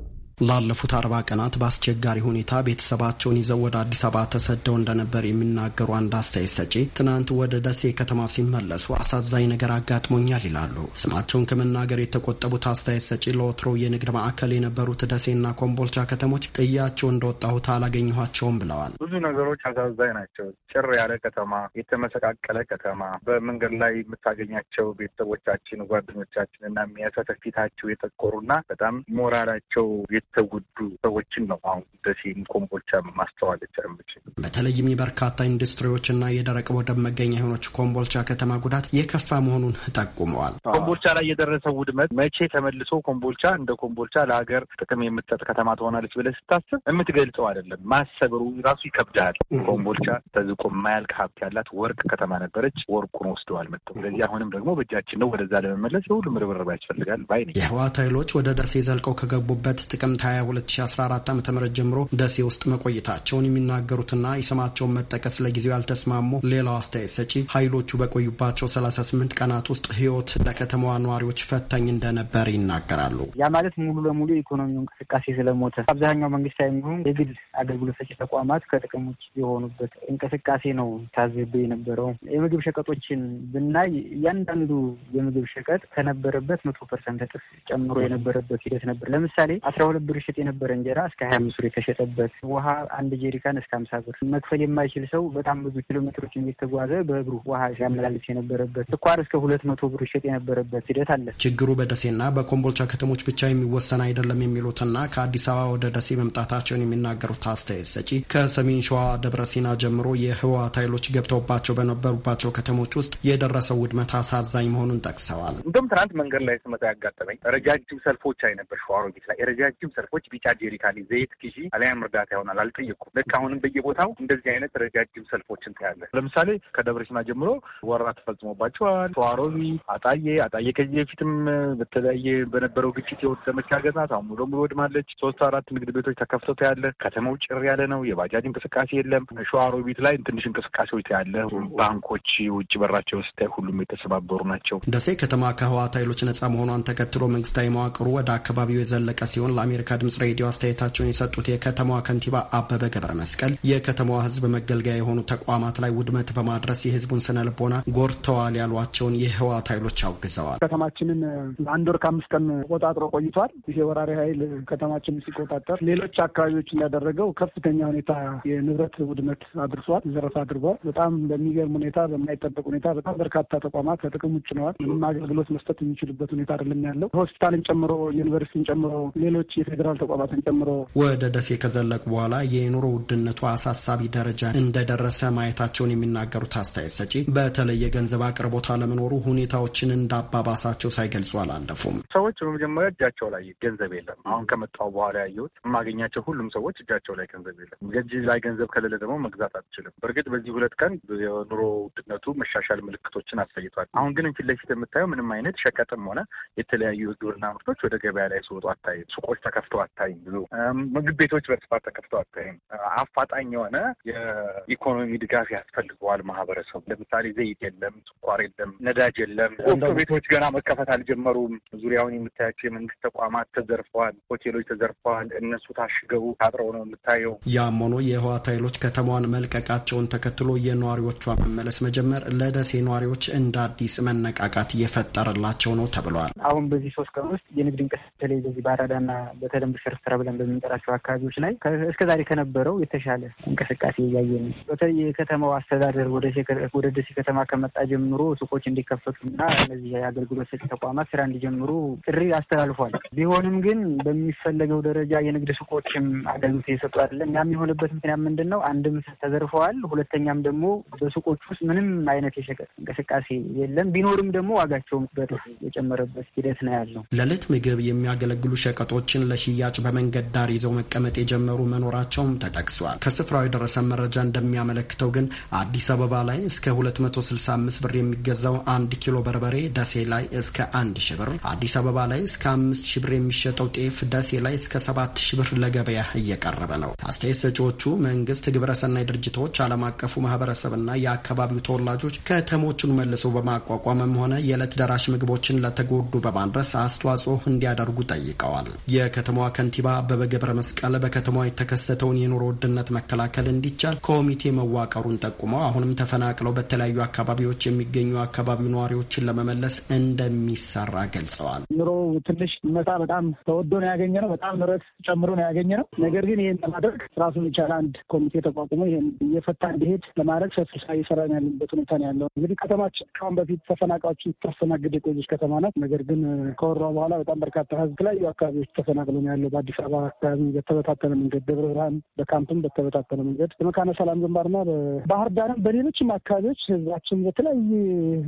ላለፉት አርባ ቀናት በአስቸጋሪ ሁኔታ ቤተሰባቸውን ይዘው ወደ አዲስ አበባ ተሰደው እንደነበር የሚናገሩ አንድ አስተያየት ሰጪ ትናንት ወደ ደሴ ከተማ ሲመለሱ አሳዛኝ ነገር አጋጥሞኛል ይላሉ። ስማቸውን ከመናገር የተቆጠቡት አስተያየት ሰጪ ለወትሮው የንግድ ማዕከል የነበሩት ደሴና ኮምቦልቻ ከተሞች ጥያቸው እንደወጣሁት አላገኘኋቸውም ብለዋል። ብዙ ነገሮች አሳዛኝ ናቸው። ጭር ያለ ከተማ፣ የተመሰቃቀለ ከተማ፣ በመንገድ ላይ የምታገኛቸው ቤተሰቦቻችን ጓደኞቻችን እና የሚያሳተፊታቸው የጠቆሩና በጣም ሞራላቸው የተጎዱ ሰዎችን ነው አሁን ደሴም ኮምቦልቻም ማስተዋል የምችል። በተለይም የበርካታ ኢንዱስትሪዎችና የደረቅ ወደብ መገኛ የሆነች ኮምቦልቻ ከተማ ጉዳት የከፋ መሆኑን ጠቁመዋል። ኮምቦልቻ ላይ የደረሰው ውድመት መቼ ተመልሶ ኮምቦልቻ እንደ ኮምቦልቻ ለሀገር ጥቅም የምትሰጥ ከተማ ትሆናለች ብለህ ስታስብ የምትገልጸው አይደለም። ማሰብሩ ራሱ ይከብዳል። ኮምቦልቻ ተዝቆ የማያልቅ ሀብት ያላት ወርቅ ከተማ ነበረች። ወርቁን ወስደዋል መጥተው። ስለዚህ አሁንም ደግሞ በእጃችን ነው። ወደዛ ለመመለስ የሁሉም ርብርብ ያስፈልጋል ባይ ነኝ። የህወሓት ኃይሎች ወደ ደሴ ዘልቀው ከገቡበት ጥቅም ከጥቅምት 22 2014 ዓ ም ጀምሮ ደሴ ውስጥ መቆየታቸውን የሚናገሩትና የስማቸውን መጠቀስ ለጊዜው ያልተስማሙ ሌላው አስተያየት ሰጪ ኃይሎቹ በቆዩባቸው 38 ቀናት ውስጥ ህይወት ለከተማዋ ነዋሪዎች ፈታኝ እንደነበር ይናገራሉ። ያ ማለት ሙሉ ለሙሉ የኢኮኖሚ እንቅስቃሴ ስለሞተ አብዛኛው መንግስታዊ የሚሆን የግል አገልግሎት ሰጪ ተቋማት ከጥቅም ውጭ የሆኑበት እንቅስቃሴ ነው ታዝብ የነበረው። የምግብ ሸቀጦችን ብናይ እያንዳንዱ የምግብ ሸቀጥ ከነበረበት መቶ ፐርሰንት እጥፍ ጨምሮ የነበረበት ሂደት ነበር። ለምሳሌ አስራ ሁለት ብር ይሸጥ የነበረ እንጀራ እስከ ሀያ አምስት ብር የተሸጠበት፣ ውሃ አንድ ጀሪካን እስከ ሀምሳ ብር፣ መክፈል የማይችል ሰው በጣም ብዙ ኪሎ ሜትሮች እየተጓዘ በእግሩ ውሃ ሲያመላልስ የነበረበት፣ ስኳር እስከ ሁለት መቶ ብር ይሸጥ የነበረበት ሂደት አለ። ችግሩ በደሴና በኮምቦልቻ ከተሞች ብቻ የሚወሰን አይደለም የሚሉትና ከአዲስ አበባ ወደ ደሴ መምጣታቸውን የሚናገሩት አስተያየት ሰጪ ከሰሜን ሸዋ ደብረ ሲና ጀምሮ የህወሓት ኃይሎች ገብተውባቸው በነበሩባቸው ከተሞች ውስጥ የደረሰው ውድመት አሳዛኝ መሆኑን ጠቅሰዋል። እንደውም ትናንት መንገድ ላይ ስመጣ ያጋጠመኝ ረጃጅም ሰልፎች አይነበር ሸዋሮቢት ላይ ረጃጅም ሰርፎች ቢጫ ጀሪካን ዘይት ግዢ አለያም እርዳታ ይሆናል አልጠየቁም። ልክ አሁንም በየቦታው እንደዚህ አይነት ረጃጅም ሰልፎችን ታያለን። ለምሳሌ ከደብረ ጀምሮ ወረራ ተፈጽሞባቸዋል። ተዋሮቢ፣ አጣዬ አጣዬ ከዚህ በፊትም በተለያየ በነበረው ግጭት የወደመች ሀገር ናት። አሁን ሙሉ በሙሉ ወድማለች። ሶስት አራት ንግድ ቤቶች ተከፍተው ታያለ። ከተማው ጭር ያለ ነው። የባጃጅ እንቅስቃሴ የለም። ሸዋሮቢት ላይ ትንሽ እንቅስቃሴዎች ታያለ። ባንኮች ውጭ በራቸው ስታይ ሁሉም የተሰባበሩ ናቸው። ደሴ ከተማ ከህወሓት ኃይሎች ነጻ መሆኗን ተከትሎ መንግስታዊ መዋቅሩ ወደ አካባቢው የዘለቀ ሲሆን ለአሜሪካ ለአሜሪካ ድምጽ ሬዲዮ አስተያየታቸውን የሰጡት የከተማዋ ከንቲባ አበበ ገብረ መስቀል የከተማዋ ህዝብ መገልገያ የሆኑ ተቋማት ላይ ውድመት በማድረስ የህዝቡን ስነ ልቦና ጎድተዋል ያሏቸውን የህወሓት ኃይሎች አውግዘዋል። ከተማችንን አንድ ወር ከአምስት ቀን ቆጣጥሮ ቆይቷል። ይሄ ወራሪ ኃይል ከተማችንን ሲቆጣጠር ሌሎች አካባቢዎች እንዳደረገው ከፍተኛ ሁኔታ የንብረት ውድመት አድርሷል፣ ዘረፍ አድርጓል። በጣም በሚገርም ሁኔታ፣ በማይጠበቅ ሁኔታ በጣም በርካታ ተቋማት ከጥቅም ውጭ ነዋል። ምንም አገልግሎት መስጠት የሚችሉበት ሁኔታ አይደለም ያለው ሆስፒታልን ጨምሮ ዩኒቨርሲቲን ጨምሮ ሌሎች ፌዴራል ተቋማትን ጨምሮ ወደ ደሴ ከዘለቁ በኋላ የኑሮ ውድነቱ አሳሳቢ ደረጃ እንደደረሰ ማየታቸውን የሚናገሩት አስተያየት ሰጪ በተለይ የገንዘብ አቅርቦት አለመኖሩ ሁኔታዎችን እንዳባባሳቸው ሳይገልጹ አላለፉም። ሰዎች በመጀመሪያ እጃቸው ላይ ገንዘብ የለም። አሁን ከመጣው በኋላ ያየሁት የማገኛቸው ሁሉም ሰዎች እጃቸው ላይ ገንዘብ የለም። እጅ ላይ ገንዘብ ከሌለ ደግሞ መግዛት አትችልም። በእርግጥ በዚህ ሁለት ቀን የኑሮ ውድነቱ መሻሻል ምልክቶችን አሳይቷል። አሁን ግን ፊት ለፊት የምታየው ምንም አይነት ሸቀጥም ሆነ የተለያዩ የግብርና ምርቶች ወደ ገበያ ላይ ሲወጡ አታይም። ሱቆች ተከፍ ተከፍቶ አታይም። ብዙ ምግብ ቤቶች በስፋት ተከፍቶ አታይም። አፋጣኝ የሆነ የኢኮኖሚ ድጋፍ ያስፈልገዋል ማህበረሰቡ። ለምሳሌ ዘይት የለም፣ ስኳር የለም፣ ነዳጅ የለም። ወፍጮ ቤቶች ገና መከፈት አልጀመሩም። ዙሪያውን የምታያቸው የመንግስት ተቋማት ተዘርፈዋል፣ ሆቴሎች ተዘርፈዋል። እነሱ ታሽገው ታጥረው ነው የምታየው። ያም ሆኖ የህወሓት ኃይሎች ከተማዋን መልቀቃቸውን ተከትሎ የነዋሪዎቿ መመለስ መጀመር ለደሴ ነዋሪዎች እንደ አዲስ መነቃቃት እየፈጠረላቸው ነው ተብሏል። አሁን በዚህ ሶስት ቀን ውስጥ የንግድ እንቅስቃሴ በተለይ በዚህ በአራዳና በተለምዶ ሸርስተራ ብለን በምንጠራቸው አካባቢዎች ላይ እስከዛሬ ከነበረው የተሻለ እንቅስቃሴ እያየ ነው። በተለይ የከተማው አስተዳደር ወደ ደሴ ከተማ ከመጣ ጀምሮ ሱቆች እንዲከፈቱ እና እነዚህ የአገልግሎት ሰጪ ተቋማት ስራ እንዲጀምሩ ጥሪ አስተላልፏል። ቢሆንም ግን በሚፈለገው ደረጃ የንግድ ሱቆችም አገልግሎት እየሰጡ አይደለም። ያም የሆነበት ምክንያት ምንድን ነው? አንድም ተዘርፈዋል፣ ሁለተኛም ደግሞ በሱቆች ውስጥ ምንም አይነት የሸቀጥ እንቅስቃሴ የለም። ቢኖርም ደግሞ ዋጋቸውም በእጥፍ የጨመረበት ሂደት ነው ያለው። ለዕለት ምግብ የሚያገለግሉ ሸቀጦችን ለሽያጭ በመንገድ ዳር ይዘው መቀመጥ የጀመሩ መኖራቸውም ተጠቅሷል። ከስፍራው የደረሰ መረጃ እንደሚያመለክተው ግን አዲስ አበባ ላይ እስከ 265 ብር የሚገዛው አንድ ኪሎ በርበሬ ደሴ ላይ እስከ አንድ ሺ ብር፣ አዲስ አበባ ላይ እስከ አምስት ሺ ብር የሚሸጠው ጤፍ ደሴ ላይ እስከ ሰባት ሺ ብር ለገበያ እየቀረበ ነው። አስተያየት ሰጪዎቹ መንግስት፣ ግብረሰናይ ድርጅቶች፣ ዓለም አቀፉ ማህበረሰብና የአካባቢው ተወላጆች ከተሞቹን መልሰው በማቋቋምም ሆነ የዕለት ደራሽ ምግቦችን ለተጎዱ በማድረስ አስተዋጽኦ እንዲያደርጉ ጠይቀዋል። የከተማዋ ከንቲባ አበበ ገብረ መስቀል በከተማዋ የተከሰተውን የኑሮ ውድነት መከላከል እንዲቻል ኮሚቴ መዋቀሩን ጠቁመው አሁንም ተፈናቅለው በተለያዩ አካባቢዎች የሚገኙ አካባቢው ነዋሪዎችን ለመመለስ እንደሚሰራ ገልጸዋል። ኑሮ ትንሽ መጣ በጣም ተወዶ ነው ያገኘ ነው። በጣም ንረት ጨምሮ ነው ያገኘ ነው። ነገር ግን ይህን ለማድረግ ራሱን ይቻል አንድ ኮሚቴ ተቋቁሞ ይህን እየፈታ እንዲሄድ ለማድረግ ሰፊ ስራ እየሰራን ያለበት ሁኔታ ነው ያለው። እንግዲህ ከተማችን ከአሁን በፊት ተፈናቃዮችን ታስተናግድ የቆየች ከተማ ናት። ነገር ግን ከወራ በኋላ በጣም በርካታ ህዝብ ላይ አካባቢዎች ተፈናቅ እየተቀጠለ ነው ያለው። በአዲስ አበባ አካባቢ በተበታተነ መንገድ፣ ደብረ ብርሃን በካምፕም በተበታተነ መንገድ፣ በመካነ ሰላም ግንባርና በባህር ዳርም በሌሎችም አካባቢዎች ህዝባችን በተለያየ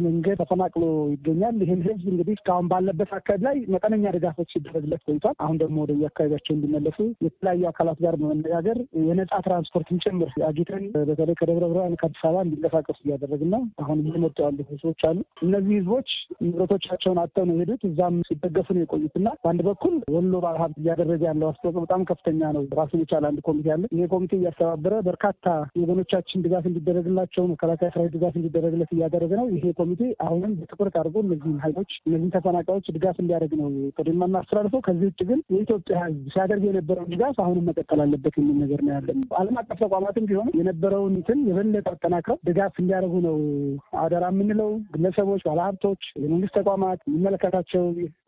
መንገድ ተፈናቅሎ ይገኛል። ይህን ህዝብ እንግዲህ እስካሁን ባለበት አካባቢ ላይ መጠነኛ ድጋፎች ሲደረግለት ቆይቷል። አሁን ደግሞ ወደ አካባቢያቸው እንዲመለሱ የተለያዩ አካላት ጋር በመነጋገር የነጻ ትራንስፖርትን ጭምር አግኝተን በተለይ ከደብረ ብርሃን ከአዲስ አበባ እንዲንቀሳቀሱ እያደረግና አሁን እየመጡ ያሉ ህዝቦች አሉ። እነዚህ ህዝቦች ንብረቶቻቸውን አጥተው ነው የሄዱት። እዛም ሲደገፉ ነው የቆዩትና በአንድ በኩል ወሎ ባለሀብት እያደረገ ያለው አስተዋጽኦ በጣም ከፍተኛ ነው። ራሱን የቻለ አንድ ኮሚቴ አለ። ይህ ኮሚቴ እያስተባበረ በርካታ የወገኖቻችን ድጋፍ እንዲደረግላቸው መከላከያ ሰራዊት ድጋፍ እንዲደረግለት እያደረገ ነው። ይሄ ኮሚቴ አሁንም በትኩረት አድርጎ እነዚህን ኃይሎች እነዚህን ተፈናቃዮች ድጋፍ እንዲያደርግ ነው ቅድማ አስተላልፈው። ከዚህ ውጭ ግን የኢትዮጵያ ሕዝብ ሲያደርግ የነበረውን ድጋፍ አሁንም መቀጠል አለበት የሚል ነገር ነው ያለን። ዓለም አቀፍ ተቋማትም ቢሆን የነበረውን እንትን የበለጠ አጠናክረው ድጋፍ እንዲያደርጉ ነው አደራ የምንለው። ግለሰቦች፣ ባለሀብቶች፣ የመንግስት ተቋማት የሚመለከታቸው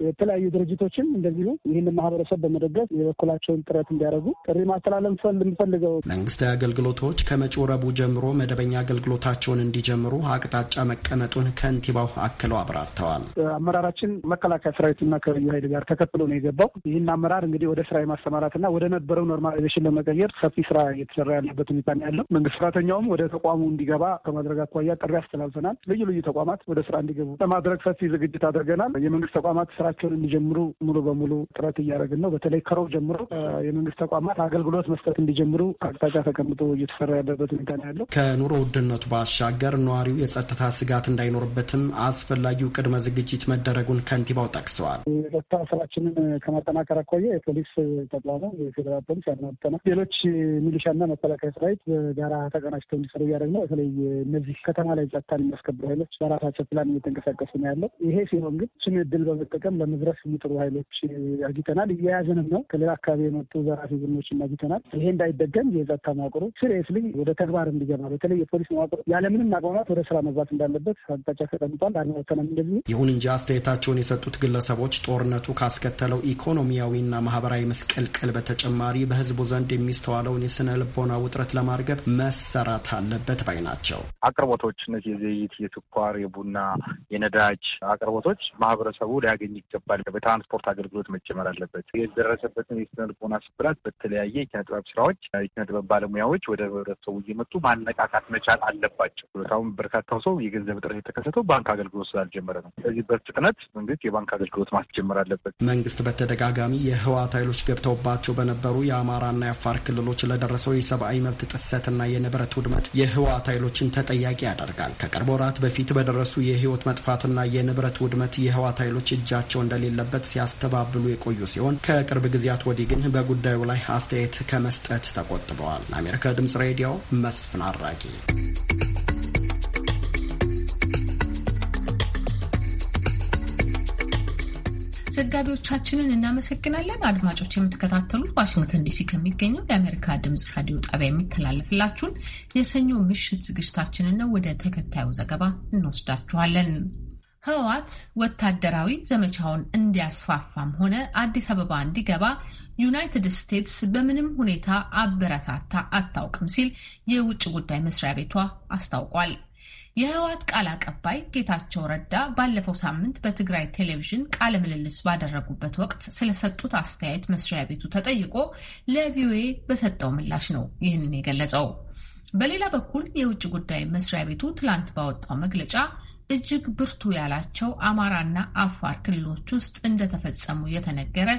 የተለያዩ ድርጅቶችም እንደዚሁ ይህንን ማህበረሰብ ማህበረሰብ በመደገፍ የበኩላቸውን ጥረት እንዲያደርጉ ጥሪ ማስተላለፍ የምፈልገው መንግስታዊ አገልግሎቶች ከመጪው ረቡዕ ጀምሮ መደበኛ አገልግሎታቸውን እንዲጀምሩ አቅጣጫ መቀመጡን ከንቲባው አክለው አብራርተዋል። አመራራችን መከላከያ ሰራዊትና ከልዩ ኃይል ጋር ተከትሎ ነው የገባው። ይህን አመራር እንግዲህ ወደ ስራ የማስተማራትና ወደ ነበረው ኖርማላይዜሽን ለመቀየር ሰፊ ስራ እየተሰራ ያለበት ሁኔታ ነው ያለው። መንግስት ሰራተኛውም ወደ ተቋሙ እንዲገባ ከማድረግ አኳያ ጥሪ አስተላልፈናል። ልዩ ልዩ ተቋማት ወደ ስራ እንዲገቡ ለማድረግ ሰፊ ዝግጅት አድርገናል። የመንግስት ተቋማት ስራቸውን እንዲጀምሩ ሙሉ በሙሉ ጥረት እያደረግን ነው። ነው። በተለይ ከሮብ ጀምሮ የመንግስት ተቋማት አገልግሎት መስጠት እንዲጀምሩ አቅጣጫ ተቀምጦ እየተሰራ ያለበት ሁኔታ ነው ያለው። ከኑሮ ውድነቱ ባሻገር ነዋሪው የጸጥታ ስጋት እንዳይኖርበትም አስፈላጊው ቅድመ ዝግጅት መደረጉን ከንቲባው ጠቅሰዋል። የጸጥታ ስራችንን ከማጠናከር አኳያ የፖሊስ ተቋሙ የፌዴራል ፖሊስ ያናጠና ሌሎች ሚሊሻና መከላከያ ሰራዊት በጋራ ተቀናጅተው እንዲሰሩ እያደረግ ነው። በተለይ እነዚህ ከተማ ላይ ጸጥታን የሚያስከብሩ ኃይሎች በራሳቸው ፕላን እየተንቀሳቀሱ ነው ያለው። ይሄ ሲሆን ግን ችን እድል በመጠቀም ለመድረስ የሚጥሩ ኃይሎች አግኝተናል። መያዝንም ነው። ከሌላ አካባቢ የመጡ ዘራፊ ቡድኖችን አግኝተናል። ይሄ እንዳይደገም የጸጥታ መዋቅሩ ሲሪየስሊ ወደ ተግባር እንዲገባ በተለይ የፖሊስ መዋቅሩ ያለምንም አቋማት ወደ ስራ መግባት እንዳለበት አቅጣጫ ተቀምጧል። አድማተናም እንደዚህ። ይሁን እንጂ አስተያየታቸውን የሰጡት ግለሰቦች ጦርነቱ ካስከተለው ኢኮኖሚያዊና ማህበራዊ መስቀልቅል በተጨማሪ በህዝቡ ዘንድ የሚስተዋለውን የስነ ልቦና ውጥረት ለማርገብ መሰራት አለበት ባይ ናቸው። አቅርቦቶች እነዚህ የዘይት፣ የስኳር፣ የቡና፣ የነዳጅ አቅርቦቶች ማህበረሰቡ ሊያገኝ ይገባል። በትራንስፖርት አገልግሎት መጀመር አለበት። የደረሰበትን የስነልቦና ስብራት በተለያየ የኪነጥበብ ስራዎች የኪነጥበብ ባለሙያዎች ወደ ህብረተሰቡ እየመጡ ማነቃቃት መቻል አለባቸው። በጣም በርካታው ሰው የገንዘብ እጥረት የተከሰተው ባንክ አገልግሎት ስላልጀመረ ነው። ስለዚህ በፍጥነት መንግስት የባንክ አገልግሎት ማስጀመር አለበት። መንግስት በተደጋጋሚ የህወሓት ኃይሎች ገብተውባቸው በነበሩ የአማራና የአፋር ክልሎች ለደረሰው የሰብአዊ መብት ጥሰትና የንብረት ውድመት የህወሓት ኃይሎችን ተጠያቂ ያደርጋል። ከቅርብ ወራት በፊት በደረሱ የህይወት መጥፋትና የንብረት ውድመት የህወሓት ኃይሎች እጃቸው እንደሌለበት ሲያስተባብሉ የቆዩ ሲሆን ከ ከቅርብ ጊዜያት ወዲህ ግን በጉዳዩ ላይ አስተያየት ከመስጠት ተቆጥበዋል። ለአሜሪካ ድምጽ ሬዲዮ መስፍን አራጊ ዘጋቢዎቻችንን እናመሰግናለን። አድማጮች የምትከታተሉት ዋሽንግተን ዲሲ ከሚገኘው የአሜሪካ ድምፅ ራዲዮ ጣቢያ የሚተላለፍላችሁን የሰኞ ምሽት ዝግጅታችንን ነው። ወደ ተከታዩ ዘገባ እንወስዳችኋለን። ህወሓት ወታደራዊ ዘመቻውን እንዲያስፋፋም ሆነ አዲስ አበባ እንዲገባ ዩናይትድ ስቴትስ በምንም ሁኔታ አበረታታ አታውቅም ሲል የውጭ ጉዳይ መስሪያ ቤቷ አስታውቋል። የህወሓት ቃል አቀባይ ጌታቸው ረዳ ባለፈው ሳምንት በትግራይ ቴሌቪዥን ቃለ ምልልስ ባደረጉበት ወቅት ስለሰጡት አስተያየት መስሪያ ቤቱ ተጠይቆ ለቪኦኤ በሰጠው ምላሽ ነው ይህንን የገለጸው። በሌላ በኩል የውጭ ጉዳይ መስሪያ ቤቱ ትላንት ባወጣው መግለጫ እጅግ ብርቱ ያላቸው አማራና አፋር ክልሎች ውስጥ እንደተፈጸሙ የተነገረ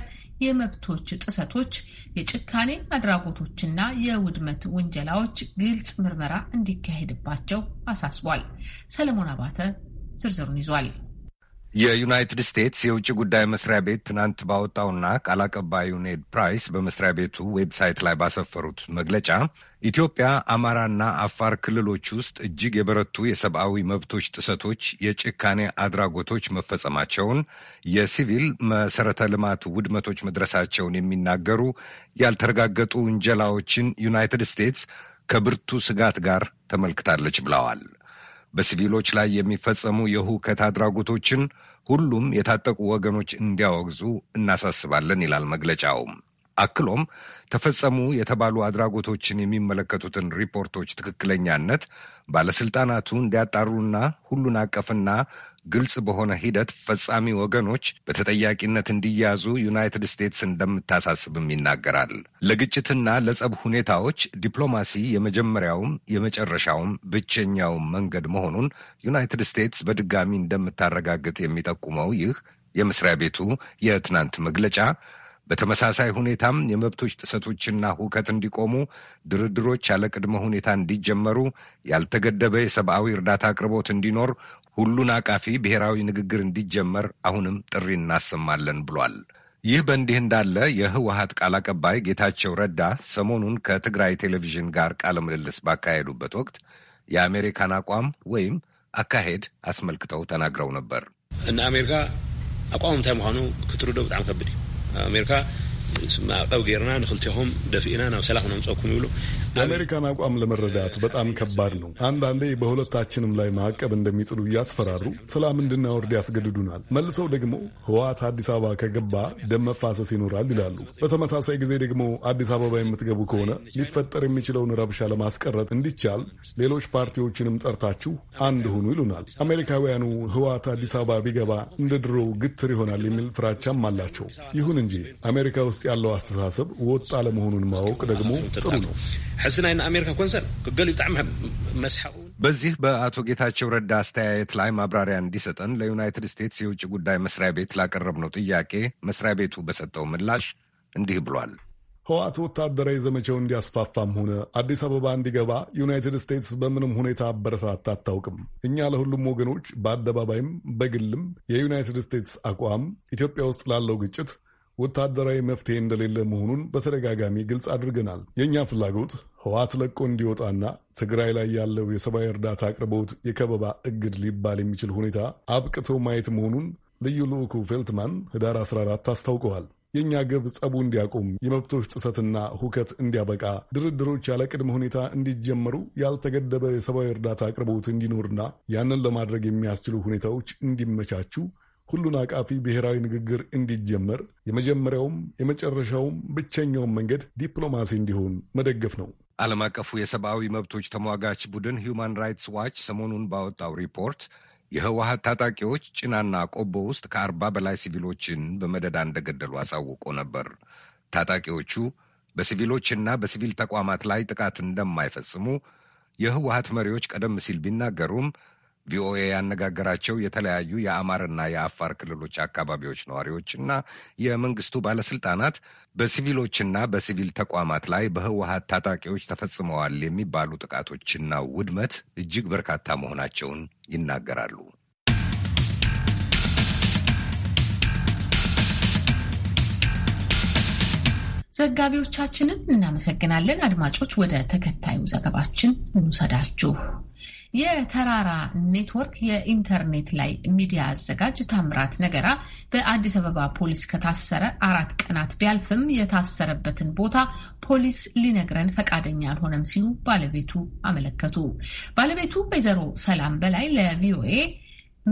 የመብቶች ጥሰቶች፣ የጭካኔ አድራጎቶችና የውድመት ውንጀላዎች ግልጽ ምርመራ እንዲካሄድባቸው አሳስቧል። ሰለሞን አባተ ዝርዝሩን ይዟል። የዩናይትድ ስቴትስ የውጭ ጉዳይ መስሪያ ቤት ትናንት ባወጣውና ቃል አቀባዩ ኔድ ፕራይስ በመስሪያ ቤቱ ዌብሳይት ላይ ባሰፈሩት መግለጫ ኢትዮጵያ አማራና አፋር ክልሎች ውስጥ እጅግ የበረቱ የሰብአዊ መብቶች ጥሰቶች፣ የጭካኔ አድራጎቶች መፈጸማቸውን፣ የሲቪል መሰረተ ልማት ውድመቶች መድረሳቸውን የሚናገሩ ያልተረጋገጡ ውንጀላዎችን ዩናይትድ ስቴትስ ከብርቱ ስጋት ጋር ተመልክታለች ብለዋል። በሲቪሎች ላይ የሚፈጸሙ የሁከት አድራጎቶችን ሁሉም የታጠቁ ወገኖች እንዲያወግዙ እናሳስባለን ይላል መግለጫውም። አክሎም ተፈጸሙ የተባሉ አድራጎቶችን የሚመለከቱትን ሪፖርቶች ትክክለኛነት ባለስልጣናቱ እንዲያጣሩና ሁሉን አቀፍና ግልጽ በሆነ ሂደት ፈጻሚ ወገኖች በተጠያቂነት እንዲያዙ ዩናይትድ ስቴትስ እንደምታሳስብም ይናገራል። ለግጭትና ለጸብ ሁኔታዎች ዲፕሎማሲ የመጀመሪያውም የመጨረሻውም ብቸኛውም መንገድ መሆኑን ዩናይትድ ስቴትስ በድጋሚ እንደምታረጋግጥ የሚጠቁመው ይህ የመስሪያ ቤቱ የትናንት መግለጫ በተመሳሳይ ሁኔታም የመብቶች ጥሰቶችና ሁከት እንዲቆሙ፣ ድርድሮች ያለ ቅድመ ሁኔታ እንዲጀመሩ፣ ያልተገደበ የሰብአዊ እርዳታ አቅርቦት እንዲኖር፣ ሁሉን አቃፊ ብሔራዊ ንግግር እንዲጀመር አሁንም ጥሪ እናሰማለን ብሏል። ይህ በእንዲህ እንዳለ የህወሀት ቃል አቀባይ ጌታቸው ረዳ ሰሞኑን ከትግራይ ቴሌቪዥን ጋር ቃለ ምልልስ ባካሄዱበት ወቅት የአሜሪካን አቋም ወይም አካሄድ አስመልክተው ተናግረው ነበር። እነ አሜሪካ አቋም እንታይ ምዃኑ ክትርዶ በጣም ከብድ እዩ Ah, a América ማዕቀብ ጌርና ደፊእና ናብ ይብሉ። የአሜሪካን አቋም ለመረዳት በጣም ከባድ ነው። አንዳንዴ በሁለታችንም ላይ ማዕቀብ እንደሚጥሉ እያስፈራሩ ሰላም እንድናወርድ ያስገድዱናል። መልሰው ደግሞ ህወሓት አዲስ አበባ ከገባ ደም መፋሰስ ይኖራል ይላሉ። በተመሳሳይ ጊዜ ደግሞ አዲስ አበባ የምትገቡ ከሆነ ሊፈጠር የሚችለውን ረብሻ ለማስቀረት እንዲቻል ሌሎች ፓርቲዎችንም ጠርታችሁ አንድ ሆኑ ይሉናል። አሜሪካውያኑ ህወሓት አዲስ አበባ ቢገባ እንደ ድሮው ግትር ይሆናል የሚል ፍራቻም አላቸው። ይሁን እንጂ አሜሪካ ውስጥ ያለው አስተሳሰብ ወጣ ለመሆኑን ማወቅ ደግሞ ጥሩ ነው። በዚህ በአቶ ጌታቸው ረዳ አስተያየት ላይ ማብራሪያ እንዲሰጠን ለዩናይትድ ስቴትስ የውጭ ጉዳይ መስሪያ ቤት ላቀረብነው ጥያቄ መስሪያ ቤቱ በሰጠው ምላሽ እንዲህ ብሏል። ህወሓት ወታደራዊ ዘመቻው እንዲያስፋፋም ሆነ አዲስ አበባ እንዲገባ ዩናይትድ ስቴትስ በምንም ሁኔታ አበረታታ አታውቅም። እኛ ለሁሉም ወገኖች በአደባባይም በግልም የዩናይትድ ስቴትስ አቋም ኢትዮጵያ ውስጥ ላለው ግጭት ወታደራዊ መፍትሄ እንደሌለ መሆኑን በተደጋጋሚ ግልጽ አድርገናል። የእኛ ፍላጎት ህዋት ለቆ እንዲወጣና ትግራይ ላይ ያለው የሰብአዊ እርዳታ አቅርቦት የከበባ እግድ ሊባል የሚችል ሁኔታ አብቅቶ ማየት መሆኑን ልዩ ልዑኩ ፌልትማን ህዳር 14 አስታውቀዋል። የእኛ ግብ ጸቡ እንዲያቆም፣ የመብቶች ጥሰትና ሁከት እንዲያበቃ፣ ድርድሮች ያለ ቅድመ ሁኔታ እንዲጀመሩ፣ ያልተገደበ የሰብአዊ እርዳታ አቅርቦት እንዲኖርና ያንን ለማድረግ የሚያስችሉ ሁኔታዎች እንዲመቻቹ ሁሉን አቃፊ ብሔራዊ ንግግር እንዲጀመር የመጀመሪያውም የመጨረሻውም ብቸኛውም መንገድ ዲፕሎማሲ እንዲሆን መደገፍ ነው። ዓለም አቀፉ የሰብአዊ መብቶች ተሟጋች ቡድን ሂዩማን ራይትስ ዋች ሰሞኑን ባወጣው ሪፖርት የህወሀት ታጣቂዎች ጭናና ቆቦ ውስጥ ከአርባ በላይ ሲቪሎችን በመደዳ እንደገደሉ አሳውቆ ነበር። ታጣቂዎቹ በሲቪሎችና በሲቪል ተቋማት ላይ ጥቃት እንደማይፈጽሙ የህወሀት መሪዎች ቀደም ሲል ቢናገሩም ቪኦኤ ያነጋገራቸው የተለያዩ የአማርና የአፋር ክልሎች አካባቢዎች ነዋሪዎችና የመንግስቱ ባለስልጣናት በሲቪሎችና በሲቪል ተቋማት ላይ በህወሀት ታጣቂዎች ተፈጽመዋል የሚባሉ ጥቃቶችና ውድመት እጅግ በርካታ መሆናቸውን ይናገራሉ። ዘጋቢዎቻችንን እናመሰግናለን። አድማጮች፣ ወደ ተከታዩ ዘገባችን እንውሰዳችሁ። የተራራ ኔትወርክ የኢንተርኔት ላይ ሚዲያ አዘጋጅ ታምራት ነገራ በአዲስ አበባ ፖሊስ ከታሰረ አራት ቀናት ቢያልፍም የታሰረበትን ቦታ ፖሊስ ሊነግረን ፈቃደኛ አልሆነም ሲሉ ባለቤቱ አመለከቱ። ባለቤቱ ወይዘሮ ሰላም በላይ ለቪኦኤ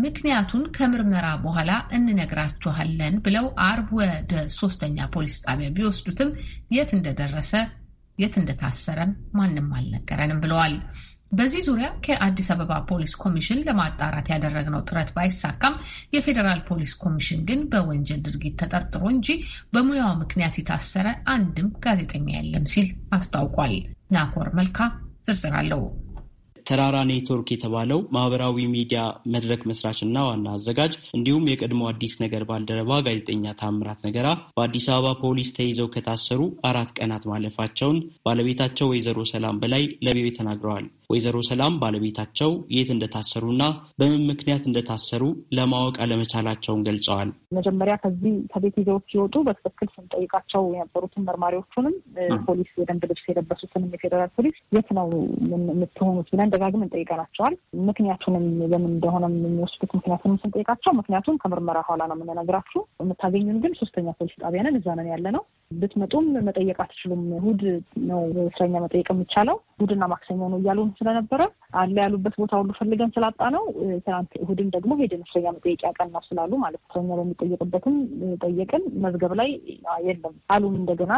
ምክንያቱን ከምርመራ በኋላ እንነግራችኋለን ብለው አርብ ወደ ሶስተኛ ፖሊስ ጣቢያ ቢወስዱትም የት እንደደረሰ የት እንደታሰረም ማንም አልነገረንም ብለዋል። በዚህ ዙሪያ ከአዲስ አበባ ፖሊስ ኮሚሽን ለማጣራት ያደረግነው ጥረት ባይሳካም የፌዴራል ፖሊስ ኮሚሽን ግን በወንጀል ድርጊት ተጠርጥሮ እንጂ በሙያው ምክንያት የታሰረ አንድም ጋዜጠኛ የለም ሲል አስታውቋል። ናኮር መልካ ዝርዝር አለው። ተራራ ኔትወርክ የተባለው ማህበራዊ ሚዲያ መድረክ መስራችና ዋና አዘጋጅ እንዲሁም የቀድሞ አዲስ ነገር ባልደረባ ጋዜጠኛ ታምራት ነገራ በአዲስ አበባ ፖሊስ ተይዘው ከታሰሩ አራት ቀናት ማለፋቸውን ባለቤታቸው ወይዘሮ ሰላም በላይ ለቪኦኤ ተናግረዋል። ወይዘሮ ሰላም ባለቤታቸው የት እንደታሰሩና በምን ምክንያት እንደታሰሩ ለማወቅ አለመቻላቸውን ገልጸዋል። መጀመሪያ ከዚህ ከቤት ይዘው ሲወጡ በትክክል ስንጠይቃቸው የነበሩትን መርማሪዎቹንም ፖሊስ የደንብ ልብስ የለበሱትንም የፌደራል ፖሊስ የት ነው የምትሆኑት ብለን ደጋግመን ጠይቀናቸዋል። ምክንያቱንም ለምን እንደሆነ የሚወስዱት ምክንያቱንም ስንጠይቃቸው ምክንያቱም ከምርመራ ኋላ ነው የምንነግራችሁ፣ የምታገኙን ግን ሶስተኛ ፖሊስ ጣቢያ ነን፣ እዛ ነን ያለ ነው። ብትመጡም መጠየቅ አትችሉም፣ እሁድ ነው እስረኛ መጠየቅ የሚቻለው እሑድና ማክሰኞ ነው እያሉን ስለነበረ አለ ያሉበት ቦታ ሁሉ ፈልገን ስላጣ ነው ትናንት እሑድን ደግሞ ሄድን እስረኛ መጠየቂያ ቀን ነው ስላሉ ማለት እስረኛ በሚጠየቅበትም ጠየቅን፣ መዝገብ ላይ የለም አሉን። እንደገና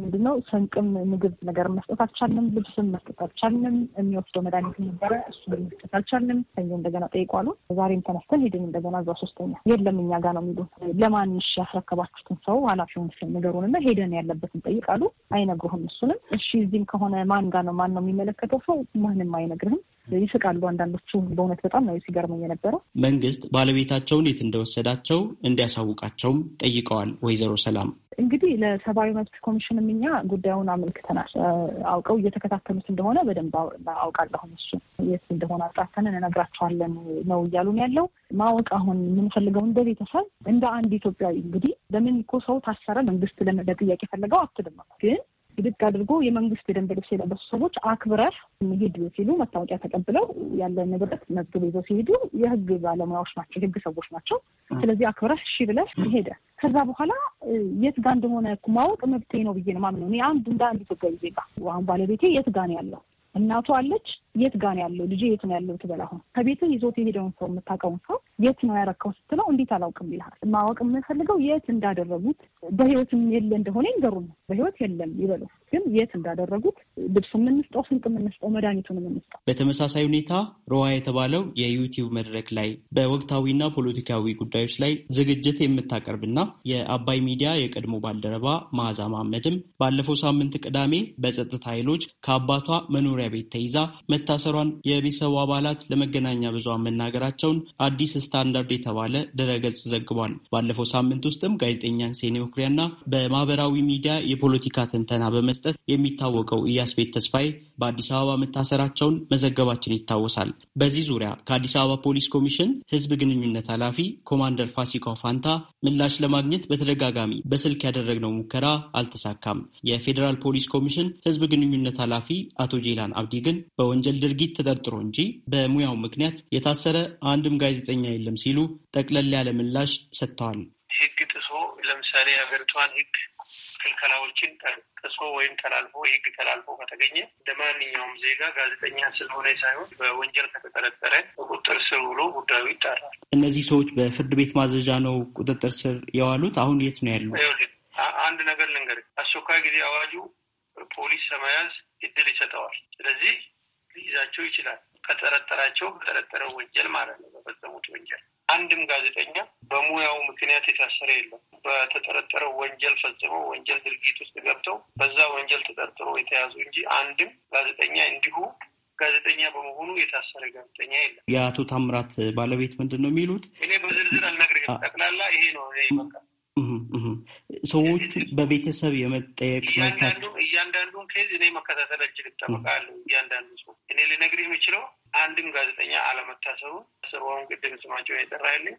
ምንድነው ስንቅም ምግብ ነገር መስጠት አልቻልንም፣ ልብስም መስጠት አልቻልንም፣ የሚወስደው መድኃኒት አብሮ ነበረ። እሱ ልንስከት አልቻልንም። ሰኞ እንደገና ጠይቋሉ። ዛሬም ተነስተን ሄድን እንደገና እዛ ሶስተኛ የለም እኛ ጋር ነው የሚሉ ለማን እሺ ያስረከባችሁትን ሰው ኃላፊውን ንገሩን እና ሄደን ያለበትን ጠይቃሉ። አይነግሩህም። እሱንም እሺ እዚህም ከሆነ ማን ጋር ነው ማን ነው የሚመለከተው ሰው ማንም አይነግርህም። ይስቃሉ አንዳንዶቹ። በእውነት በጣም ነው ሲገርመኝ የነበረው። መንግስት ባለቤታቸውን የት እንደወሰዳቸው እንዲያሳውቃቸውም ጠይቀዋል ወይዘሮ ሰላም። እንግዲህ ለሰብአዊ መብት ኮሚሽንም እኛ ጉዳዩን አመልክተናል። አውቀው እየተከታተሉት እንደሆነ በደንብ አውቃለሁ። እሱ የት እንደሆነ አጣርተን እነግራቸዋለን ነው እያሉን ያለው። ማወቅ አሁን የምንፈልገው እንደ ቤተሰብ፣ እንደ አንድ ኢትዮጵያዊ እንግዲህ ለምን እኮ ሰው ታሰረ መንግስት ለጥያቄ ፈለገው አትልም ግን ብድግ አድርጎ የመንግስት የደንብ ልብስ የለበሱ ሰዎች አክብረህ መሄድ ሲሉ መታወቂያ ተቀብለው ያለ ንብረት መዝግብ ይዘው ሲሄዱ የህግ ባለሙያዎች ናቸው፣ የህግ ሰዎች ናቸው። ስለዚህ አክብረህ እሺ ብለህ ሄደ። ከዛ በኋላ የት ጋ እንደሆነ ማወቅ መብቴ ነው ብዬ ነው ማምነው እኔ አንድ እንደ አንድ ኢትዮጵያዊ ዜጋ። አሁን ባለቤቴ የት ጋ ነው ያለው እናቷ አለች። የት ጋን ያለው ልጅ የት ነው ያለው ትበል። አሁን ከቤት ይዞት የሄደውን ሰው የምታውቀውን ሰው የት ነው ያረካው ስትለው እንዴት አላውቅም ይልሃል። ማወቅ የምንፈልገው የት እንዳደረጉት በህይወትም የለ እንደሆነ ይንገሩ ነው። በህይወት የለም ይበሉ። ግን የት እንዳደረጉት ልብሱ የምንስጠው፣ ስንቅ የምንስጠው፣ መድኃኒቱን የምንስጠው። በተመሳሳይ ሁኔታ ሮሃ የተባለው የዩቲዩብ መድረክ ላይ በወቅታዊና ፖለቲካዊ ጉዳዮች ላይ ዝግጅት የምታቀርብና የአባይ ሚዲያ የቀድሞ ባልደረባ መዓዛ መሐመድም ባለፈው ሳምንት ቅዳሜ በጸጥታ ኃይሎች ከአባቷ መኖሪያ ቤት ተይዛ መታሰሯን የቤተሰቡ አባላት ለመገናኛ ብዙሃን መናገራቸውን አዲስ ስታንዳርድ የተባለ ድረገጽ ዘግቧል። ባለፈው ሳምንት ውስጥም ጋዜጠኛን ሴኔ ኩሪያና በማህበራዊ ሚዲያ የፖለቲካ ትንተና በመስ በመስጠት የሚታወቀው ኢያስ ቤት ተስፋዬ በአዲስ አበባ መታሰራቸውን መዘገባችን ይታወሳል። በዚህ ዙሪያ ከአዲስ አበባ ፖሊስ ኮሚሽን ህዝብ ግንኙነት ኃላፊ ኮማንደር ፋሲካው ፋንታ ምላሽ ለማግኘት በተደጋጋሚ በስልክ ያደረግነው ሙከራ አልተሳካም። የፌዴራል ፖሊስ ኮሚሽን ህዝብ ግንኙነት ኃላፊ አቶ ጄላን አብዲ ግን በወንጀል ድርጊት ተጠርጥሮ እንጂ በሙያው ምክንያት የታሰረ አንድም ጋዜጠኛ የለም ሲሉ ጠቅለል ያለ ምላሽ ሰጥተዋል። ህግ ጥሶ ለምሳሌ ሀገሪቷን ህግ ክልከላዎችን ጠቅሶ ወይም ተላልፎ ህግ ተላልፎ ከተገኘ እንደ ማንኛውም ዜጋ ጋዜጠኛ ስለሆነ ሳይሆን በወንጀል ከተጠረጠረ በቁጥጥር ስር ውሎ ጉዳዩ ይጣራል። እነዚህ ሰዎች በፍርድ ቤት ማዘዣ ነው ቁጥጥር ስር የዋሉት። አሁን የት ነው ያሉት? አንድ ነገር ልንገር፣ አስቸኳይ ጊዜ አዋጁ ፖሊስ ለመያዝ እድል ይሰጠዋል። ስለዚህ ሊይዛቸው ይችላል። ከጠረጠራቸው በጠረጠረው ወንጀል ማለት ነው፣ በፈጸሙት ወንጀል አንድም ጋዜጠኛ በሙያው ምክንያት የታሰረ የለም። በተጠረጠረው ወንጀል ፈጽሞ ወንጀል ድርጊት ውስጥ ገብተው በዛ ወንጀል ተጠርጥሮ የተያዙ እንጂ አንድም ጋዜጠኛ እንዲሁ ጋዜጠኛ በመሆኑ የታሰረ ጋዜጠኛ የለም። የአቶ ታምራት ባለቤት ምንድን ነው የሚሉት? እኔ በዝርዝር አልነግርህም። ጠቅላላ ይሄ ነው በቃ ሰዎቹ በቤተሰብ የመጠየቅ እያንዳንዱን ኬዝ እኔ መከታተል እጅግ ጠበቃ እያንዳንዱ ሰው እኔ ልነግርህ የምችለው አንድም ጋዜጠኛ አለመታሰሩ ስሩን ቅድም ስማቸውን የጠራልኝ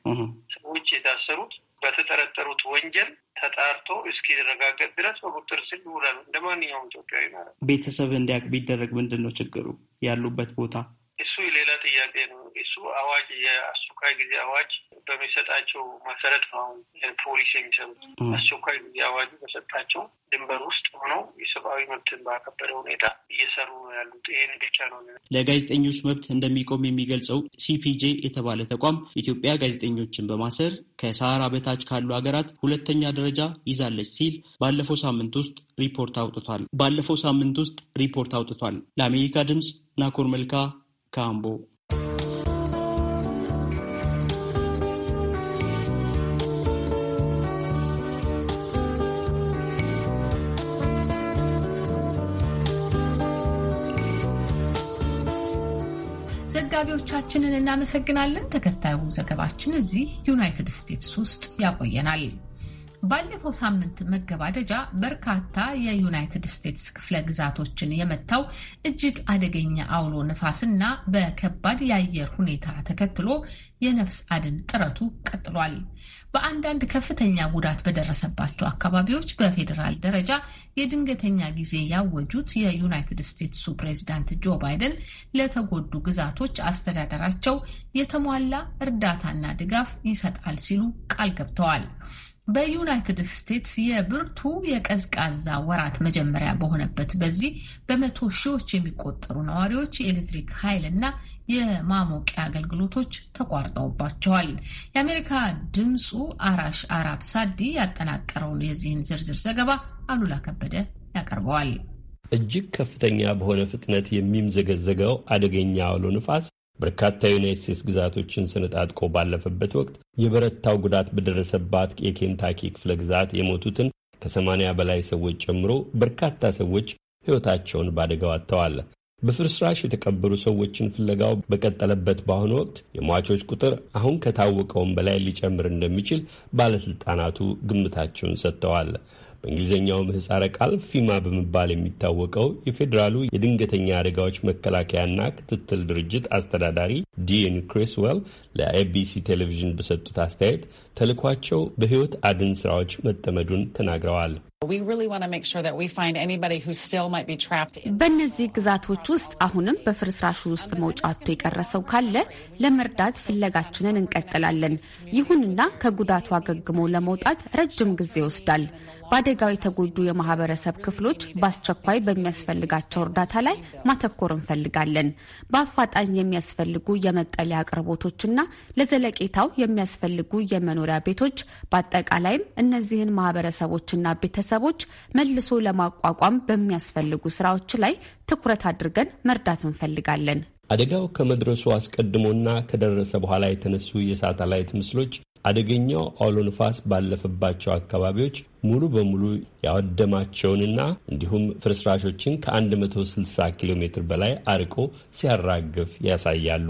ሰዎች የታሰሩት በተጠረጠሩት ወንጀል ተጣርቶ እስኪረጋገጥ ድረስ በቁጥር ስል ይውላሉ። እንደ ማንኛውም ኢትዮጵያዊ ማለት ቤተሰብ እንዲያውቅ ቢደረግ ምንድን ነው ችግሩ? ያሉበት ቦታ እሱ ሌላ ጥያቄ ነው። እሱ አዋጅ የአስቸኳይ ጊዜ አዋጅ በሚሰጣቸው መሰረት ነው አሁን ፖሊስ የሚሰሩት። አስቸኳይ ጊዜ አዋጅ በሰጣቸው ድንበር ውስጥ ሆነው የሰብአዊ መብትን ባከበረ ሁኔታ እየሰሩ ነው ያሉት። ይህን ብቻ ነው። ለጋዜጠኞች መብት እንደሚቆም የሚገልጸው ሲፒጄ የተባለ ተቋም ኢትዮጵያ ጋዜጠኞችን በማሰር ከሰሃራ በታች ካሉ ሀገራት ሁለተኛ ደረጃ ይዛለች ሲል ባለፈው ሳምንት ውስጥ ሪፖርት አውጥቷል። ባለፈው ሳምንት ውስጥ ሪፖርት አውጥቷል። ለአሜሪካ ድምፅ ናኮር መልካ ከአምቦ ዘጋቢዎቻችንን እናመሰግናለን። ተከታዩ ዘገባችን እዚህ ዩናይትድ ስቴትስ ውስጥ ያቆየናል። ባለፈው ሳምንት መገባደጃ በርካታ የዩናይትድ ስቴትስ ክፍለ ግዛቶችን የመታው እጅግ አደገኛ አውሎ ነፋስና በከባድ የአየር ሁኔታ ተከትሎ የነፍስ አድን ጥረቱ ቀጥሏል። በአንዳንድ ከፍተኛ ጉዳት በደረሰባቸው አካባቢዎች በፌዴራል ደረጃ የድንገተኛ ጊዜ ያወጁት የዩናይትድ ስቴትሱ ፕሬዚዳንት ጆ ባይደን ለተጎዱ ግዛቶች አስተዳደራቸው የተሟላ እርዳታና ድጋፍ ይሰጣል ሲሉ ቃል ገብተዋል። በዩናይትድ ስቴትስ የብርቱ የቀዝቃዛ ወራት መጀመሪያ በሆነበት በዚህ በመቶ ሺዎች የሚቆጠሩ ነዋሪዎች የኤሌክትሪክ ኃይል እና የማሞቂያ አገልግሎቶች ተቋርጠውባቸዋል። የአሜሪካ ድምፁ አራሽ አራብ ሳዲ ያጠናቀረውን የዚህን ዝርዝር ዘገባ አሉላ ከበደ ያቀርበዋል። እጅግ ከፍተኛ በሆነ ፍጥነት የሚምዘገዘገው አደገኛ አውሎ ንፋስ በርካታ የዩናይት ስቴትስ ግዛቶችን ስነጣጥቆ ባለፈበት ወቅት የበረታው ጉዳት በደረሰባት የኬንታኪ ክፍለ ግዛት የሞቱትን ከሰማንያ በላይ ሰዎች ጨምሮ በርካታ ሰዎች ሕይወታቸውን በአደጋው አጥተዋል። በፍርስራሽ የተቀበሩ ሰዎችን ፍለጋው በቀጠለበት በአሁኑ ወቅት የሟቾች ቁጥር አሁን ከታወቀውም በላይ ሊጨምር እንደሚችል ባለስልጣናቱ ግምታቸውን ሰጥተዋል። በእንግሊዝኛው ምህፃረ ቃል ፊማ በመባል የሚታወቀው የፌዴራሉ የድንገተኛ አደጋዎች መከላከያና ክትትል ድርጅት አስተዳዳሪ ዲን ክሪስዌል ለኤቢሲ ቴሌቪዥን በሰጡት አስተያየት ተልኳቸው በህይወት አድን ስራዎች መጠመዱን ተናግረዋል። በእነዚህ ግዛቶች ውስጥ አሁንም በፍርስራሹ ውስጥ መውጫቱ የቀረ ሰው ካለ ለመርዳት ፍለጋችንን እንቀጥላለን። ይሁንና ከጉዳቱ አገግሞ ለመውጣት ረጅም ጊዜ ይወስዳል። በአደጋው የተጎዱ የማህበረሰብ ክፍሎች በአስቸኳይ በሚያስፈልጋቸው እርዳታ ላይ ማተኮር እንፈልጋለን። በአፋጣኝ የሚያስፈልጉ የመጠለያ አቅርቦቶችና ለዘለቄታው የሚያስፈልጉ የመኖሪያ ቤቶች፣ በአጠቃላይም እነዚህን ማህበረሰቦችና ቤተሰቦች መልሶ ለማቋቋም በሚያስፈልጉ ስራዎች ላይ ትኩረት አድርገን መርዳት እንፈልጋለን። አደጋው ከመድረሱ አስቀድሞና ከደረሰ በኋላ የተነሱ የሳተላይት ምስሎች አደገኛው አውሎ ንፋስ ባለፈባቸው አካባቢዎች ሙሉ በሙሉ ያወደማቸውንና እንዲሁም ፍርስራሾችን ከ160 ኪሎ ሜትር በላይ አርቆ ሲያራግፍ ያሳያሉ።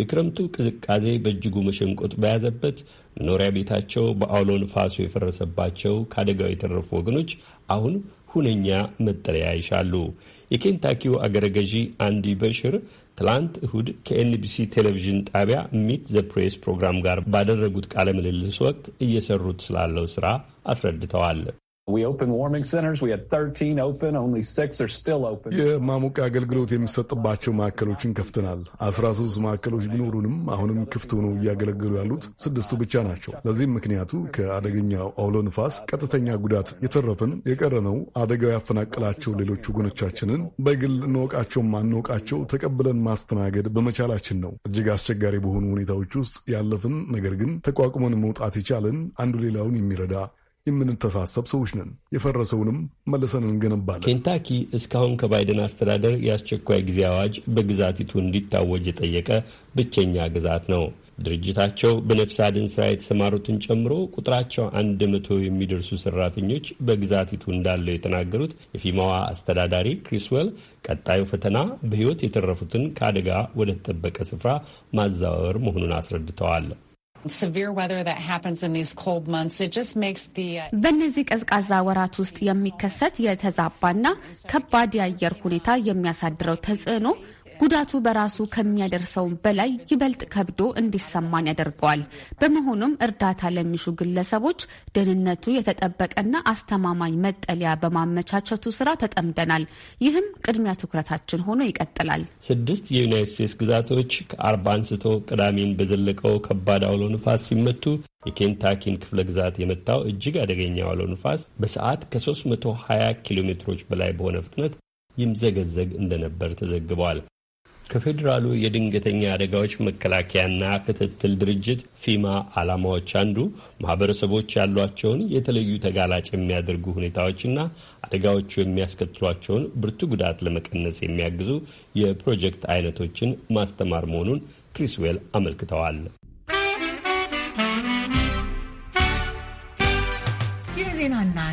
የክረምቱ ቅዝቃዜ በእጅጉ መሸንቆጥ በያዘበት መኖሪያ ቤታቸው በአውሎ ንፋሱ የፈረሰባቸው ከአደጋው የተረፉ ወገኖች አሁን ሁነኛ መጠለያ ይሻሉ። የኬንታኪው አገረ ገዢ አንዲ በሽር ትላንት እሁድ ከኤንቢሲ ቴሌቪዥን ጣቢያ ሚት ዘ ፕሬስ ፕሮግራም ጋር ባደረጉት ቃለ ምልልስ ወቅት እየሰሩት ስላለው ስራ አስረድተዋል። የማሞቅ አገልግሎት የሚሰጥባቸው ማዕከሎችን ከፍተናል። አስራ ሶስት ማዕከሎች ቢኖሩንም አሁንም ክፍት ሆነው እያገለገሉ ያሉት ስድስቱ ብቻ ናቸው። ለዚህም ምክንያቱ ከአደገኛው አውሎ ንፋስ ቀጥተኛ ጉዳት የተረፍን የቀረነው አደጋው ያፈናቀላቸው ሌሎች ወገኖቻችንን በግል እንወቃቸውም አንወቃቸው ተቀብለን ማስተናገድ በመቻላችን ነው። እጅግ አስቸጋሪ በሆኑ ሁኔታዎች ውስጥ ያለፍን ነገር ግን ተቋቁመን መውጣት የቻልን አንዱ ሌላውን የሚረዳ የምንተሳሰብ ሰዎች ነን። የፈረሰውንም መልሰን እንገነባለን። ኬንታኪ እስካሁን ከባይደን አስተዳደር የአስቸኳይ ጊዜ አዋጅ በግዛቲቱ እንዲታወጅ የጠየቀ ብቸኛ ግዛት ነው። ድርጅታቸው በነፍስ አድን ስራ የተሰማሩትን ጨምሮ ቁጥራቸው አንድ መቶ የሚደርሱ ሰራተኞች በግዛቲቱ እንዳለው የተናገሩት የፊማዋ አስተዳዳሪ ክሪስዌል ቀጣዩ ፈተና በሕይወት የተረፉትን ከአደጋ ወደ ተጠበቀ ስፍራ ማዛወር መሆኑን አስረድተዋል። Uh, በእነዚህ ቀዝቃዛ ወራት ውስጥ የሚከሰት የተዛባና ከባድ የአየር ሁኔታ የሚያሳድረው ተጽዕኖ ጉዳቱ በራሱ ከሚያደርሰው በላይ ይበልጥ ከብዶ እንዲሰማን ያደርገዋል። በመሆኑም እርዳታ ለሚሹ ግለሰቦች ደህንነቱ የተጠበቀና አስተማማኝ መጠለያ በማመቻቸቱ ስራ ተጠምደናል። ይህም ቅድሚያ ትኩረታችን ሆኖ ይቀጥላል። ስድስት የዩናይት ስቴትስ ግዛቶች ከአርባ አንስቶ ቅዳሜን በዘለቀው ከባድ አውሎ ንፋስ ሲመቱ የኬንታኪን ክፍለ ግዛት የመታው እጅግ አደገኛ አውሎ ንፋስ በሰዓት ከ320 ኪሎ ሜትሮች በላይ በሆነ ፍጥነት ይምዘገዘግ እንደነበር ተዘግቧል። ከፌዴራሉ የድንገተኛ አደጋዎች መከላከያና ክትትል ድርጅት ፊማ ዓላማዎች አንዱ ማህበረሰቦች ያሏቸውን የተለዩ ተጋላጭ የሚያደርጉ ሁኔታዎችና አደጋዎቹ የሚያስከትሏቸውን ብርቱ ጉዳት ለመቀነስ የሚያግዙ የፕሮጀክት አይነቶችን ማስተማር መሆኑን ክሪስዌል አመልክተዋል።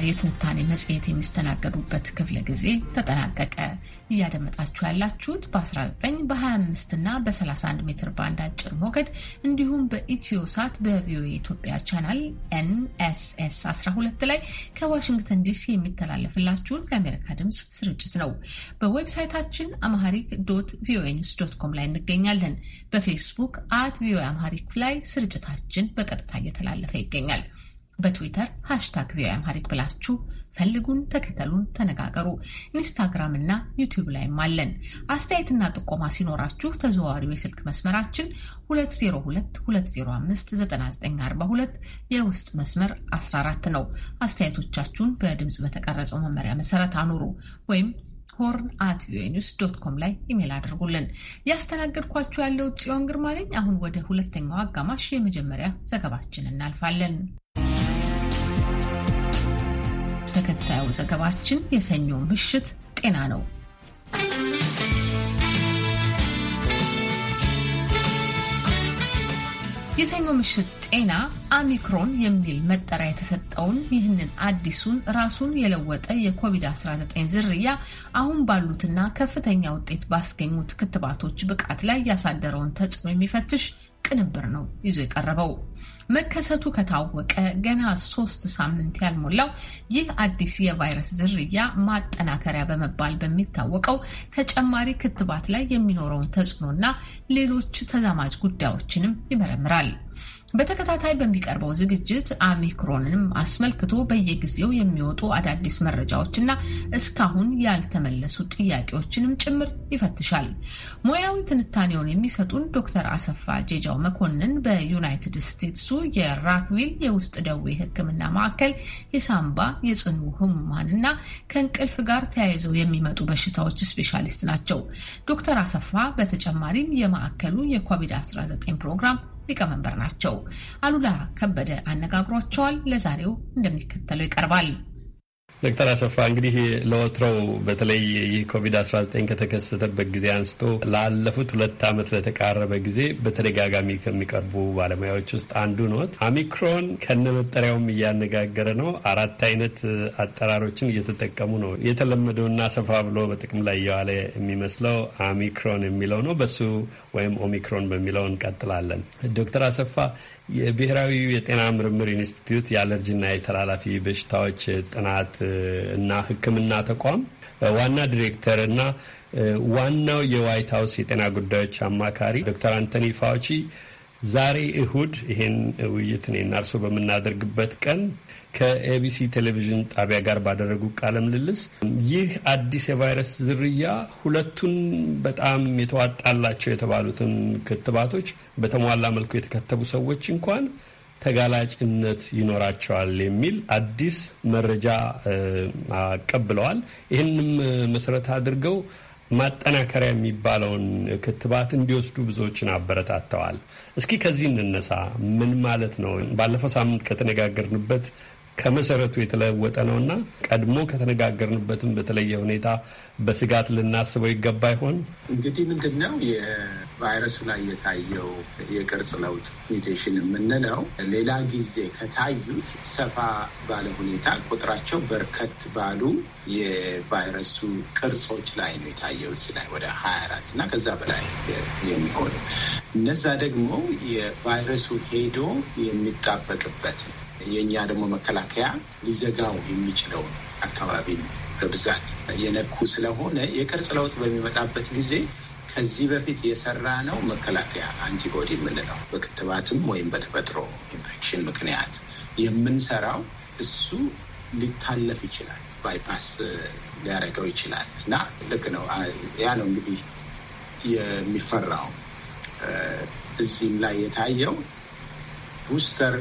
የትንታኔ መጽሔት የሚስተናገዱበት ክፍለ ጊዜ ተጠናቀቀ። እያደመጣችሁ ያላችሁት በ19 በ25 እና በ31 ሜትር ባንድ አጭር ሞገድ እንዲሁም በኢትዮ ሳት በቪኦኤ ኢትዮጵያ ቻናል ኤንኤስኤስ 12 ላይ ከዋሽንግተን ዲሲ የሚተላለፍላችሁን የአሜሪካ ድምፅ ስርጭት ነው። በዌብሳይታችን አምሃሪክ ዶት ቪኦኤ ኒውስ ዶት ኮም ላይ እንገኛለን። በፌስቡክ አት ቪኦኤ አምሃሪክ ላይ ስርጭታችን በቀጥታ እየተላለፈ ይገኛል። በትዊተር ሃሽታግ ቪኦኤ አምሃሪክ ብላችሁ ፈልጉን፣ ተከተሉን፣ ተነጋገሩ። ኢንስታግራም እና ዩቲዩብ ላይም አለን። አስተያየትና ጥቆማ ሲኖራችሁ ተዘዋዋሪው የስልክ መስመራችን 2022059942 የውስጥ መስመር 14 ነው። አስተያየቶቻችሁን በድምፅ በተቀረጸው መመሪያ መሰረት አኑሩ ወይም ሆርን አት ቪኦኤ ኒውስ ዶት ኮም ላይ ኢሜል አድርጉልን። ያስተናገድኳችሁ ያለው ጽዮን ግርማ ነኝ። አሁን ወደ ሁለተኛው አጋማሽ የመጀመሪያ ዘገባችን እናልፋለን። ተከታዩ ዘገባችን የሰኞ ምሽት ጤና ነው። የሰኞ ምሽት ጤና ኦሚክሮን የሚል መጠሪያ የተሰጠውን ይህንን አዲሱን ራሱን የለወጠ የኮቪድ-19 ዝርያ አሁን ባሉትና ከፍተኛ ውጤት ባስገኙት ክትባቶች ብቃት ላይ ያሳደረውን ተጽዕኖ የሚፈትሽ ቅንብር ነው ይዞ የቀረበው። መከሰቱ ከታወቀ ገና ሶስት ሳምንት ያልሞላው ይህ አዲስ የቫይረስ ዝርያ ማጠናከሪያ በመባል በሚታወቀው ተጨማሪ ክትባት ላይ የሚኖረውን ተጽዕኖና ሌሎች ተዛማጅ ጉዳዮችንም ይመረምራል። በተከታታይ በሚቀርበው ዝግጅት አሚክሮንንም አስመልክቶ በየጊዜው የሚወጡ አዳዲስ መረጃዎችና እስካሁን ያልተመለሱ ጥያቄዎችንም ጭምር ይፈትሻል። ሙያዊ ትንታኔውን የሚሰጡን ዶክተር አሰፋ ጄጃው መኮንን በዩናይትድ ስቴትሱ የራክቪል የውስጥ ደዌ ሕክምና ማዕከል የሳምባ የጽኑ ህሙማንና ከእንቅልፍ ጋር ተያይዘው የሚመጡ በሽታዎች ስፔሻሊስት ናቸው። ዶክተር አሰፋ በተጨማሪም የማዕከሉ የኮቪድ-19 ፕሮግራም ሊቀመንበር ናቸው። አሉላ ከበደ አነጋግሯቸዋል። ለዛሬው እንደሚከተለው ይቀርባል። ዶክተር አሰፋ እንግዲህ ለወትሮው በተለይ ይህ ኮቪድ-19 ከተከሰተበት ጊዜ አንስቶ ላለፉት ሁለት ዓመት ለተቃረበ ጊዜ በተደጋጋሚ ከሚቀርቡ ባለሙያዎች ውስጥ አንዱ ኖት። ኦሚክሮን ከነመጠሪያውም እያነጋገረ ነው። አራት አይነት አጠራሮችን እየተጠቀሙ ነው። የተለመደውና ሰፋ ብሎ በጥቅም ላይ እየዋለ የሚመስለው ኦሚክሮን የሚለው ነው። በሱ ወይም ኦሚክሮን በሚለው እንቀጥላለን። ዶክተር አሰፋ የብሔራዊ የጤና ምርምር ኢንስቲትዩት የአለርጂና የተላላፊ በሽታዎች ጥናት እና ሕክምና ተቋም ዋና ዲሬክተር እና ዋናው የዋይት ሀውስ የጤና ጉዳዮች አማካሪ ዶክተር አንቶኒ ፋውቺ ዛሬ እሁድ ይሄን ውይይት እኔና እርስዎ በምናደርግበት ቀን ከኤቢሲ ቴሌቪዥን ጣቢያ ጋር ባደረጉ ቃለ ምልልስ ይህ አዲስ የቫይረስ ዝርያ ሁለቱን በጣም የተዋጣላቸው የተባሉትን ክትባቶች በተሟላ መልኩ የተከተቡ ሰዎች እንኳን ተጋላጭነት ይኖራቸዋል የሚል አዲስ መረጃ አቀብለዋል። ይህንም መሰረት አድርገው ማጠናከሪያ የሚባለውን ክትባት እንዲወስዱ ብዙዎችን አበረታተዋል። እስኪ ከዚህ እንነሳ። ምን ማለት ነው? ባለፈው ሳምንት ከተነጋገርንበት ከመሰረቱ የተለወጠ ነውና ቀድሞ ከተነጋገርንበትም በተለየ ሁኔታ በስጋት ልናስበው ይገባ ይሆን? እንግዲህ ምንድን ነው የቫይረሱ ላይ የታየው የቅርጽ ለውጥ ሚውቴሽን የምንለው ሌላ ጊዜ ከታዩት ሰፋ ባለ ሁኔታ ቁጥራቸው በርከት ባሉ የቫይረሱ ቅርጾች ላይ ነው የታየው እዚህ ላይ ወደ ሀያ አራት እና ከዛ በላይ የሚሆን እነዛ ደግሞ የቫይረሱ ሄዶ የሚጣበቅበት የእኛ ደግሞ መከላከያ ሊዘጋው የሚችለው አካባቢን በብዛት የነኩ ስለሆነ የቅርጽ ለውጥ በሚመጣበት ጊዜ ከዚህ በፊት የሰራ ነው መከላከያ አንቲቦዲ የምንለው በክትባትም ወይም በተፈጥሮ ኢንፌክሽን ምክንያት የምንሰራው እሱ ሊታለፍ ይችላል፣ ባይፓስ ሊያደርገው ይችላል እና ልክ ነው። ያ ነው እንግዲህ የሚፈራው እዚህም ላይ የታየው ቡስተር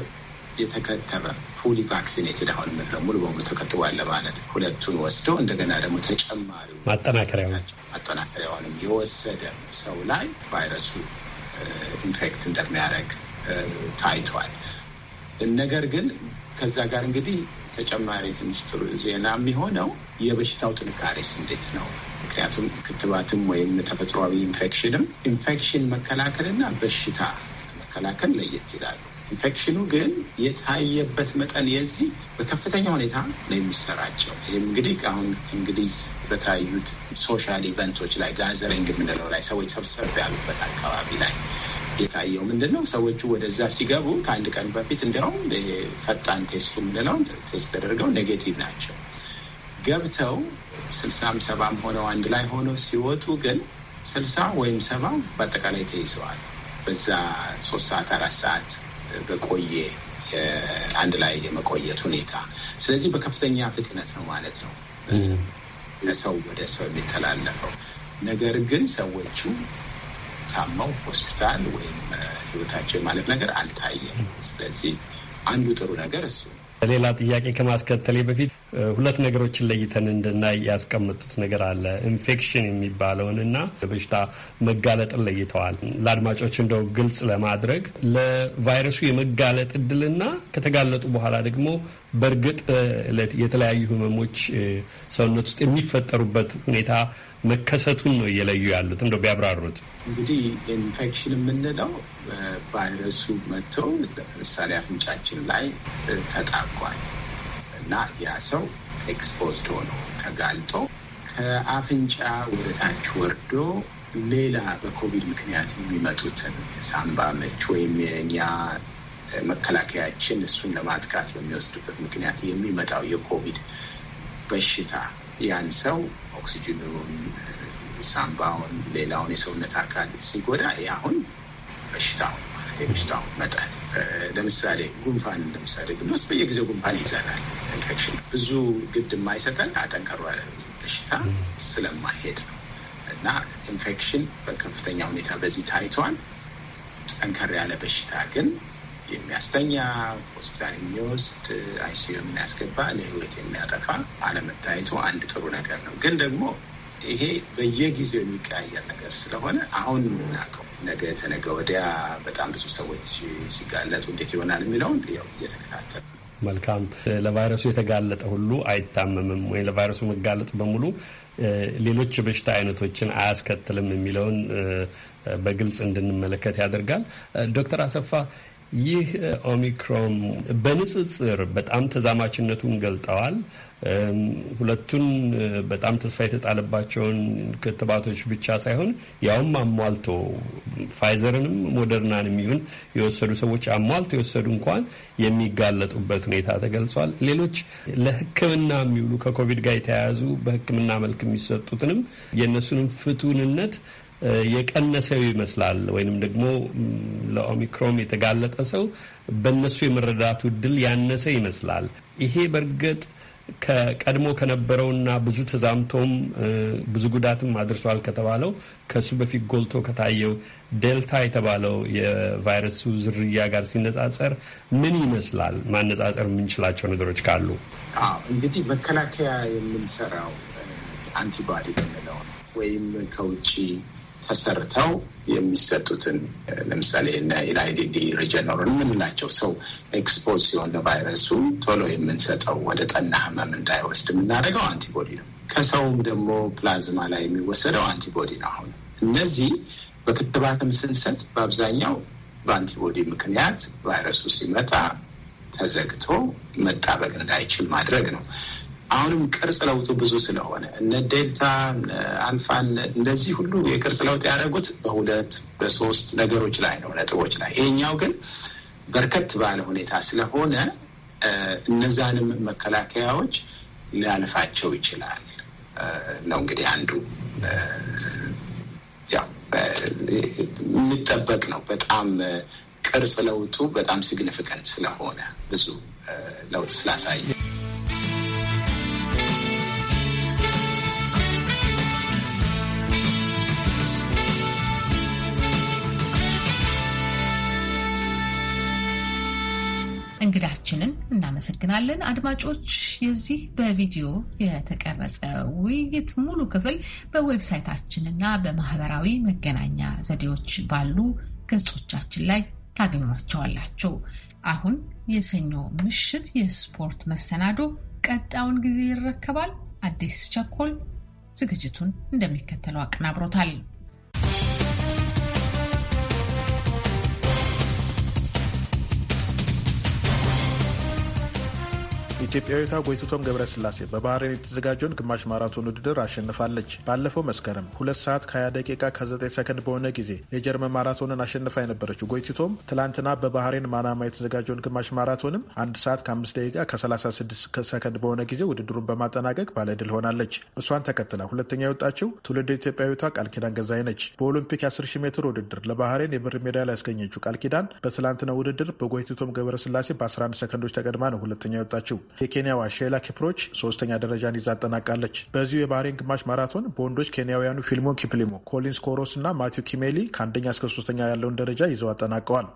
የተከተበ ፉሊ ቫክሲኔትድ አሁን ነው ሙሉ በሙሉ ተከትቧል ለማለት ሁለቱን ወስደው እንደገና ደግሞ ተጨማሪ ማጠናከሪያውንም የወሰደ ሰው ላይ ቫይረሱ ኢንፌክት እንደሚያደርግ ታይቷል። ነገር ግን ከዛ ጋር እንግዲህ ተጨማሪ ትንሽ ጥሩ ዜና የሚሆነው የበሽታው ጥንካሬስ እንዴት ነው? ምክንያቱም ክትባትም ወይም ተፈጥሯዊ ኢንፌክሽንም ኢንፌክሽን መከላከልና በሽታ መከላከል ለየት ይላሉ። ኢንፌክሽኑ ግን የታየበት መጠን የዚህ በከፍተኛ ሁኔታ ነው የሚሰራቸው። ይህም እንግዲህ አሁን እንግሊዝ በታዩት ሶሻል ኢቨንቶች ላይ ጋዘሪንግ የምንለው ላይ ሰዎች ሰብሰብ ያሉበት አካባቢ ላይ የታየው ምንድን ነው? ሰዎቹ ወደዛ ሲገቡ ከአንድ ቀን በፊት እንዲያውም ፈጣን ቴስቱ ምንለውን ቴስት ተደርገው ኔጌቲቭ ናቸው። ገብተው ስልሳም ሰባም ሆነው አንድ ላይ ሆነው ሲወጡ ግን ስልሳ ወይም ሰባ በአጠቃላይ ተይዘዋል። በዛ ሶስት ሰዓት አራት ሰዓት በቆየ አንድ ላይ የመቆየት ሁኔታ። ስለዚህ በከፍተኛ ፍጥነት ነው ማለት ነው ሰው ወደ ሰው የሚተላለፈው። ነገር ግን ሰዎቹ ታመው ሆስፒታል ወይም ህይወታቸው ማለት ነገር አልታየም። ስለዚህ አንዱ ጥሩ ነገር እሱ ሌላ ጥያቄ ከማስከተሌ በፊት ሁለት ነገሮችን ለይተን እንድናይ ያስቀመጡት ነገር አለ። ኢንፌክሽን የሚባለውን እና በሽታ መጋለጥን ለይተዋል። ለአድማጮች እንደው ግልጽ ለማድረግ ለቫይረሱ የመጋለጥ እድልና ከተጋለጡ በኋላ ደግሞ በእርግጥ የተለያዩ ህመሞች ሰውነት ውስጥ የሚፈጠሩበት ሁኔታ መከሰቱን ነው እየለዩ ያሉት። እንደው ቢያብራሩት። እንግዲህ ኢንፌክሽን የምንለው ቫይረሱ መጥተው ለምሳሌ አፍንጫችን ላይ ተጣቋል እና ያ ሰው ኤክስፖዝድ ሆኖ ተጋልጦ ከአፍንጫ ወደታች ወርዶ ሌላ በኮቪድ ምክንያት የሚመጡትን ሳምባ ምች ወይም የእኛ መከላከያችን እሱን ለማጥቃት በሚወስድበት ምክንያት የሚመጣው የኮቪድ በሽታ ያን ሰው ኦክሲጅኑን፣ ሳምባውን፣ ሌላውን የሰውነት አካል ሲጎዳ ያሁን በሽታው ማለት የበሽታው መጠን ለምሳሌ ጉንፋን ለምሳሌ ብንወስ በየጊዜው ጉንፋን ይዘናል። ኢንፌክሽን ብዙ ግድ የማይሰጠን አጠንከሩ በሽታ ስለማይሄድ ነው እና ኢንፌክሽን በከፍተኛ ሁኔታ በዚህ ታይቷል። ጠንከር ያለ በሽታ ግን የሚያስተኛ ሆስፒታል የሚወስድ አይሲዩ የሚያስገባ ለህይወት የሚያጠፋ አለመታየቱ አንድ ጥሩ ነገር ነው። ግን ደግሞ ይሄ በየጊዜው የሚቀያየር ነገር ስለሆነ አሁን የምናውቀው ነገ ተነገ ወዲያ በጣም ብዙ ሰዎች ሲጋለጡ እንዴት ይሆናል የሚለውን ያው እየተከታተል መልካም። ለቫይረሱ የተጋለጠ ሁሉ አይታመምም ወይም ለቫይረሱ መጋለጥ በሙሉ ሌሎች የበሽታ አይነቶችን አያስከትልም የሚለውን በግልጽ እንድንመለከት ያደርጋል። ዶክተር አሰፋ ይህ ኦሚክሮን በንጽጽር በጣም ተዛማችነቱን ገልጠዋል። ሁለቱን በጣም ተስፋ የተጣለባቸውን ክትባቶች ብቻ ሳይሆን ያውም አሟልቶ ፋይዘርንም ሞደርናንም ይሁን የወሰዱ ሰዎች አሟልቶ የወሰዱ እንኳን የሚጋለጡበት ሁኔታ ተገልጿል። ሌሎች ለሕክምና የሚውሉ ከኮቪድ ጋር የተያያዙ በሕክምና መልክ የሚሰጡትንም የእነሱንም ፍቱንነት የቀነሰው ይመስላል ወይንም ደግሞ ለኦሚክሮን የተጋለጠ ሰው በእነሱ የመረዳቱ እድል ያነሰ ይመስላል። ይሄ በእርግጥ ከቀድሞ ከነበረውና ብዙ ተዛምቶም ብዙ ጉዳትም አድርሷል ከተባለው ከእሱ በፊት ጎልቶ ከታየው ዴልታ የተባለው የቫይረሱ ዝርያ ጋር ሲነጻጸር ምን ይመስላል? ማነጻጸር የምንችላቸው ነገሮች ካሉ እንግዲህ መከላከያ የምንሰራው አንቲባዲ ወይም ከውጭ ተሰርተው የሚሰጡትን ለምሳሌ ኢላይዲዲ ሪጀነሮ የምንላቸው ሰው ኤክስፖዝ ሲሆን ለቫይረሱ ቶሎ የምንሰጠው ወደ ጠና ህመም እንዳይወስድ የምናደርገው አንቲቦዲ ነው። ከሰውም ደግሞ ፕላዝማ ላይ የሚወሰደው አንቲቦዲ ነው። አሁን እነዚህ በክትባትም ስንሰጥ በአብዛኛው በአንቲቦዲ ምክንያት ቫይረሱ ሲመጣ ተዘግቶ መጣበቅ እንዳይችል ማድረግ ነው። አሁንም ቅርጽ ለውጡ ብዙ ስለሆነ እነ ዴልታ አልፋን እንደዚህ ሁሉ የቅርጽ ለውጥ ያደረጉት በሁለት በሶስት ነገሮች ላይ ነው ነጥቦች ላይ ይሄኛው ግን በርከት ባለ ሁኔታ ስለሆነ እነዛንም መከላከያዎች ሊያልፋቸው ይችላል ነው እንግዲህ አንዱ የሚጠበቅ ነው። በጣም ቅርጽ ለውጡ በጣም ሲግኒፊካንት ስለሆነ ብዙ ለውጥ ስላሳየ እንግዳችንን እናመሰግናለን። አድማጮች የዚህ በቪዲዮ የተቀረጸ ውይይት ሙሉ ክፍል በዌብሳይታችንና በማህበራዊ መገናኛ ዘዴዎች ባሉ ገጾቻችን ላይ ታገኟቸዋላችሁ። አሁን የሰኞ ምሽት የስፖርት መሰናዶ ቀጣውን ጊዜ ይረከባል። አዲስ ቸኮል ዝግጅቱን እንደሚከተለው አቀናብሮታል። ኢትዮጵያዊቷ ጎይቱቶም ገብረስላሴ በባህሬን የተዘጋጀውን ግማሽ ማራቶን ውድድር አሸንፋለች። ባለፈው መስከረም ሁለት ሰዓት ከ20 ደቂቃ ከ9 ሰከንድ በሆነ ጊዜ የጀርመን ማራቶንን አሸንፋ የነበረችው ጎይቱቶም ትላንትና በባህሬን ማናማ የተዘጋጀውን ግማሽ ማራቶንም አንድ ሰዓት ከ5 ደቂቃ ከ36 ሰከንድ በሆነ ጊዜ ውድድሩን በማጠናቀቅ ባለድል ሆናለች። እሷን ተከትላ ሁለተኛ የወጣችው ትውልድ ኢትዮጵያዊቷ ቃል ኪዳን ገዛይ ነች። በኦሎምፒክ የ10 ሺህ ሜትር ውድድር ለባህሬን የብር ሜዳሊያ ያስገኘችው ቃል ኪዳን በትላንትና ውድድር በጎይቱቶም ገብረስላሴ በ11 ሰከንዶች ተቀድማ ነው ሁለተኛ የወጣችው። የኬንያዋ ሼላ ኪፕሮች ሶስተኛ ደረጃን ይዛ አጠናቃለች። በዚሁ የባህሬን ግማሽ ማራቶን በወንዶች ኬንያውያኑ ፊልሞን ኪፕሊሞ፣ ኮሊንስ ኮሮስ እና ማቲው ኪሜሊ ከአንደኛ እስከ ሶስተኛ ያለውን ደረጃ ይዘው አጠናቀዋል።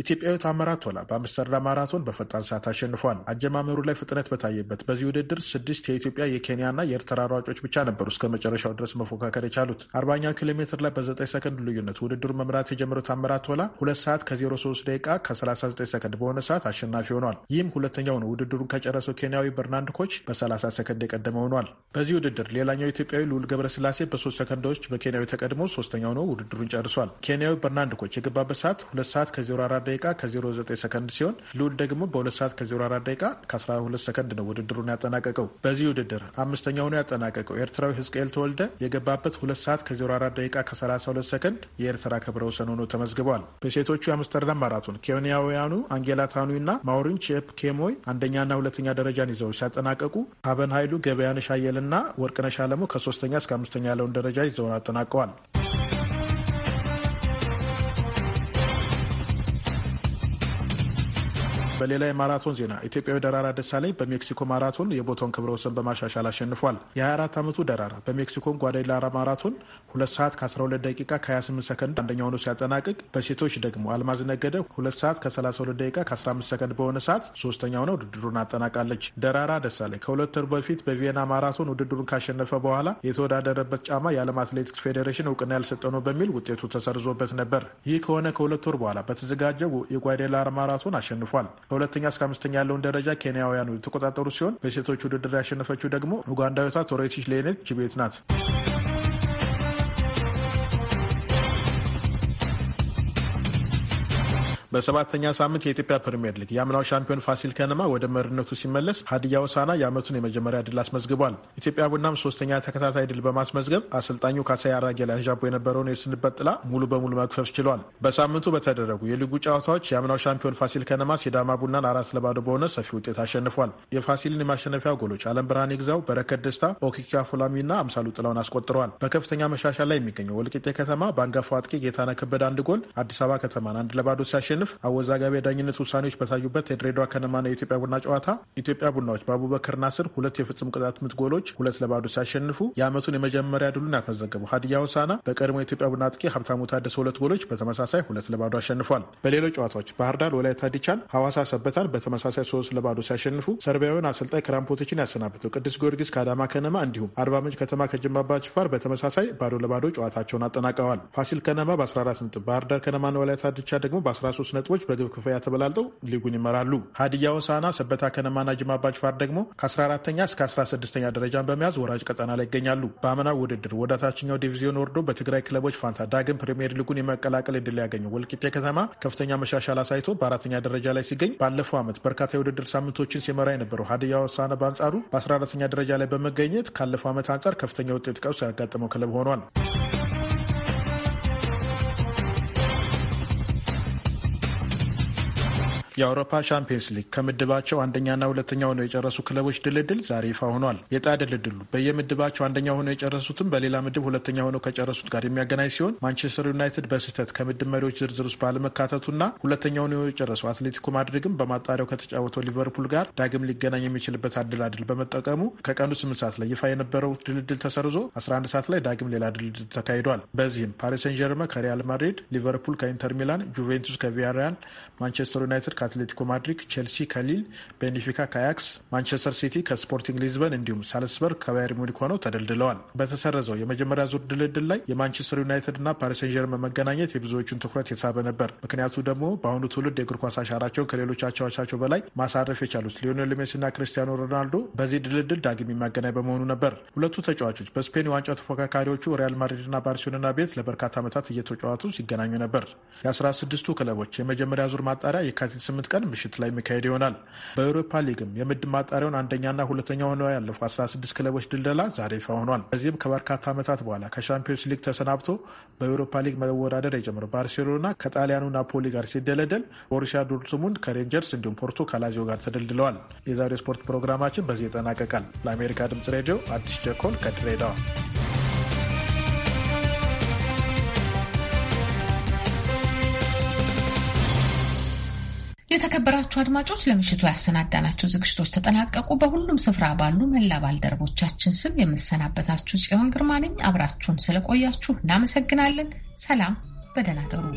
ኢትዮጵያዊት አመራ ቶላ በአምስተርዳም ማራቶን በፈጣን ሰዓት አሸንፏል። አጀማመሩ ላይ ፍጥነት በታየበት በዚህ ውድድር ስድስት የኢትዮጵያ የኬንያና የኤርትራ ሯጮች ብቻ ነበሩ እስከ መጨረሻው ድረስ መፎካከር የቻሉት። አርባኛው ኪሎ ሜትር ላይ በዘጠኝ ሰከንድ ልዩነት ውድድሩ መምራት የጀመሩት ታምራት ቶላ ሁለት ሰዓት ከ03 ደቂቃ ከ39 ሰከንድ በሆነ ሰዓት አሸናፊ ሆኗል። ይህም ሁለተኛው ነው። ውድድሩን ከጨረሰው ኬንያዊ በርናንድ ኮች በ30 ሰከንድ የቀደመ ሆኗል። በዚህ ውድድር ሌላኛው ኢትዮጵያዊ ልዑል ገብረስላሴ በሶስት ሰከንዶች በኬንያዊ ተቀድሞ ሶስተኛው ነው ውድድሩን ጨርሷል። ኬንያዊ በርናንድ ኮች የገባበት ሰዓት ሁለት ሰዓት ከ04 ደቂቃ ከ09 ሰከንድ ሲሆን ልዑል ደግሞ በ2 ሰዓት ከ04 ደቂቃ ከ12 ሰከንድ ነው ውድድሩን ያጠናቀቀው። በዚህ ውድድር አምስተኛ ሆኖ ያጠናቀቀው ኤርትራዊ ህዝቅኤል ተወልደ የገባበት 2 ሰዓት ከ04 ደቂቃ ከ32 ሰከንድ የኤርትራ ክብረ ወሰን ሆኖ ተመዝግቧል። በሴቶቹ የአምስተርዳም ማራቶን ኬንያውያኑ አንጌላ ታኑ እና ማውሪን ቼፕ ኬሞይ አንደኛና ሁለተኛ ደረጃን ይዘው ሲያጠናቀቁ ሀበን ኃይሉ ገበያነሽ አየልና ወርቅነሽ አለሙ ከሶስተኛ እስከ አምስተኛ ያለውን ደረጃ ይዘውን አጠናቀዋል። በሌላ የማራቶን ዜና ኢትዮጵያዊ ደራራ ደሳለኝ በሜክሲኮ ማራቶን የቦታውን ክብረ ወሰን በማሻሻል አሸንፏል። የ24 ዓመቱ ደራራ በሜክሲኮን ጓዳላራ ማራቶን 2 ሰዓት ከ12 ደቂቃ ከ28 ሰከንድ አንደኛ ሆኖ ሲያጠናቅቅ፣ በሴቶች ደግሞ አልማዝ ነገደ 2 ሰዓት ከ32 ደቂቃ ከ15 ሰከንድ በሆነ ሰዓት ሶስተኛ ሆነ ውድድሩን አጠናቃለች። ደራራ ደሳለኝ ከሁለት ወር በፊት በቪየና ማራቶን ውድድሩን ካሸነፈ በኋላ የተወዳደረበት ጫማ የዓለም አትሌቲክስ ፌዴሬሽን እውቅና ያልሰጠ ነው በሚል ውጤቱ ተሰርዞበት ነበር። ይህ ከሆነ ከሁለት ወር በኋላ በተዘጋጀው የጓዳላራ ማራቶን አሸንፏል። ከሁለተኛ እስከ አምስተኛ ያለውን ደረጃ ኬንያውያኑ የተቆጣጠሩ ሲሆን በሴቶች ውድድር ያሸነፈችው ደግሞ ኡጋንዳዊቷ ቶሬቲሽ ሌኔት ችቤት ናት። በሰባተኛ ሳምንት የኢትዮጵያ ፕሪምየር ሊግ የአምናው ሻምፒዮን ፋሲል ከነማ ወደ መሪነቱ ሲመለስ ሀዲያ ሆሳዕና የዓመቱን የመጀመሪያ ድል አስመዝግቧል። ኢትዮጵያ ቡናም ሶስተኛ ተከታታይ ድል በማስመዝገብ አሰልጣኙ ካሳይ አራጌ ላይ አንዣቦ የነበረውን የስንበት ጥላ ሙሉ በሙሉ መክፈፍ ችሏል። በሳምንቱ በተደረጉ የሊጉ ጨዋታዎች የአምናው ሻምፒዮን ፋሲል ከነማ ሲዳማ ቡናን አራት ለባዶ በሆነ ሰፊ ውጤት አሸንፏል። የፋሲልን የማሸነፊያ ጎሎች አለም ብርሃን ይግዛው፣ በረከት ደስታ፣ ኦኪኪያ ና አምሳሉ ጥላውን አስቆጥረዋል። በከፍተኛ መሻሻል ላይ የሚገኘው ወልቂጤ ከተማ በአንጋፋው አጥቂ ጌታነህ ከበደ አንድ ጎል አዲስ አበባ ከተማን አንድ ለባዶ ሲያሸንፍ ሲያሸንፍ አወዛጋቢ የዳኝነት ውሳኔዎች በታዩበት የድሬዳዋ ከነማና የኢትዮጵያ ቡና ጨዋታ ኢትዮጵያ ቡናዎች በአቡበከር ናስር ሁለት የፍጹም ቅጣት ምት ጎሎች ሁለት ለባዶ ሲያሸንፉ የዓመቱን የመጀመሪያ ድሉን ያስመዘገቡ ሀዲያ ሆሳዕና በቀድሞ የኢትዮጵያ ቡና አጥቂ ሀብታሙ ታደሰ ሁለት ጎሎች በተመሳሳይ ሁለት ለባዶ አሸንፏል። በሌሎች ጨዋታዎች ባህርዳር ዳር ወላይታ ዲቻን፣ ሐዋሳ ሰበታን በተመሳሳይ ሶስት ለባዶ ሲያሸንፉ ሰርቢያዊውን አሰልጣኝ ክራምፖቶችን ያሰናበተው ቅዱስ ጊዮርጊስ ከአዳማ ከነማ እንዲሁም አርባ ምንጭ ከተማ ከጅማ አባጅፋር በተመሳሳይ ባዶ ለባዶ ጨዋታቸውን አጠናቀዋል። ፋሲል ከነማ በ14 ነጥብ፣ ባህር ከነማና ወላይታ ዲቻ ደግሞ በ13 ነጥቦች በግብ ክፍያ ተበላልጠው ሊጉን ይመራሉ። ሀዲያ ሆሳና፣ ሰበታ ከነማና ጅማ አባጅፋር ደግሞ ከ14ተኛ እስከ 16ተኛ ደረጃን በመያዝ ወራጅ ቀጠና ላይ ይገኛሉ። በአምናው ውድድር ወደ ታችኛው ዲቪዚዮን ወርዶ በትግራይ ክለቦች ፋንታ ዳግም ፕሪምየር ሊጉን የመቀላቀል እድል ያገኘው ወልቂጤ ከተማ ከፍተኛ መሻሻል አሳይቶ በአራተኛ ደረጃ ላይ ሲገኝ፣ ባለፈው ዓመት በርካታ የውድድር ሳምንቶችን ሲመራ የነበረው ሀዲያ ሆሳና በአንጻሩ በ14ተኛ ደረጃ ላይ በመገኘት ካለፈው ዓመት አንጻር ከፍተኛ ውጤት ቀውስ ያጋጠመው ክለብ ሆኗል። የአውሮፓ ሻምፒየንስ ሊግ ከምድባቸው አንደኛና ሁለተኛ ሆነው የጨረሱ ክለቦች ድልድል ዛሬ ይፋ ሆኗል። የጣ ድልድሉ በየምድባቸው አንደኛ ሆነው የጨረሱትም በሌላ ምድብ ሁለተኛ ሆነው ከጨረሱት ጋር የሚያገናኝ ሲሆን ማንቸስተር ዩናይትድ በስህተት ከምድብ መሪዎች ዝርዝር ውስጥ ባለመካተቱና ሁለተኛ ሆነው የጨረሱ አትሌቲኮ ማድሪግም በማጣሪያው ከተጫወተው ሊቨርፑል ጋር ዳግም ሊገናኝ የሚችልበት አድል በመጠቀሙ ከቀኑ ስምንት ሰዓት ላይ ይፋ የነበረው ድልድል ተሰርዞ 11 ሰዓት ላይ ዳግም ሌላ ድልድል ተካሂዷል። በዚህም ፓሪስ ሰን ከሪያል ማድሪድ፣ ሊቨርፑል ከኢንተር ሚላን፣ ጁቬንቱስ ከቪያሪያል፣ ማንቸስተር ዩናይትድ ከአትሌቲኮ ማድሪድ፣ ቼልሲ ከሊል፣ ቤኒፊካ ከአያክስ፣ ማንቸስተር ሲቲ ከስፖርቲንግ ሊዝበን እንዲሁም ሳልስበርግ ከባየር ሙኒክ ሆነው ተደልድለዋል። በተሰረዘው የመጀመሪያ ዙር ድልድል ላይ የማንቸስተር ዩናይትድ እና ፓሪስ ሴን መገናኘት የብዙዎቹን ትኩረት የሳበ ነበር። ምክንያቱ ደግሞ በአሁኑ ትውልድ የእግር ኳስ አሻራቸውን ከሌሎች አቻዎቻቸው በላይ ማሳረፍ የቻሉት ሊዮኔል ሜሲና ክርስቲያኖ ሮናልዶ በዚህ ድልድል ዳግም የሚያገናኝ በመሆኑ ነበር። ሁለቱ ተጫዋቾች በስፔን የዋንጫ ተፎካካሪዎቹ ሪያል ማድሪድና ባርሴሎና ቤት ለበርካታ ዓመታት እየተጫዋቱ ሲገናኙ ነበር። የ16ቱ ክለቦች የመጀመሪያ ዙር ማጣሪያ የካቲት 28 ቀን ምሽት ላይ የሚካሄድ ይሆናል። በአውሮፓ ሊግም የምድብ ማጣሪያውን አንደኛና ሁለተኛ ሆነ ያለፉ 16 ክለቦች ድልደላ ዛሬ ይፋ ሆኗል። በዚህም ከበርካታ ዓመታት በኋላ ከሻምፒዮንስ ሊግ ተሰናብቶ በአውሮፓ ሊግ መወዳደር የጀመረው ባርሴሎና ከጣሊያኑ ናፖሊ ጋር ሲደለደል፣ ቦሩሲያ ዶርትሙንድ ከሬንጀርስ እንዲሁም ፖርቶ ከላዚዮ ጋር ተደልድለዋል። የዛሬው ስፖርት ፕሮግራማችን በዚህ ይጠናቀቃል። ለአሜሪካ ድምጽ ሬዲዮ አዲስ ቸኮል ከድሬዳዋ የተከበራችሁ አድማጮች ለምሽቱ ያሰናዳናቸው ዝግጅቶች ተጠናቀቁ። በሁሉም ስፍራ ባሉ መላ ባልደረቦቻችን ስም የምሰናበታችሁ ጽዮን ግርማ ነኝ። አብራችሁን ስለቆያችሁ እናመሰግናለን። ሰላም፣ በደህና ደሩ።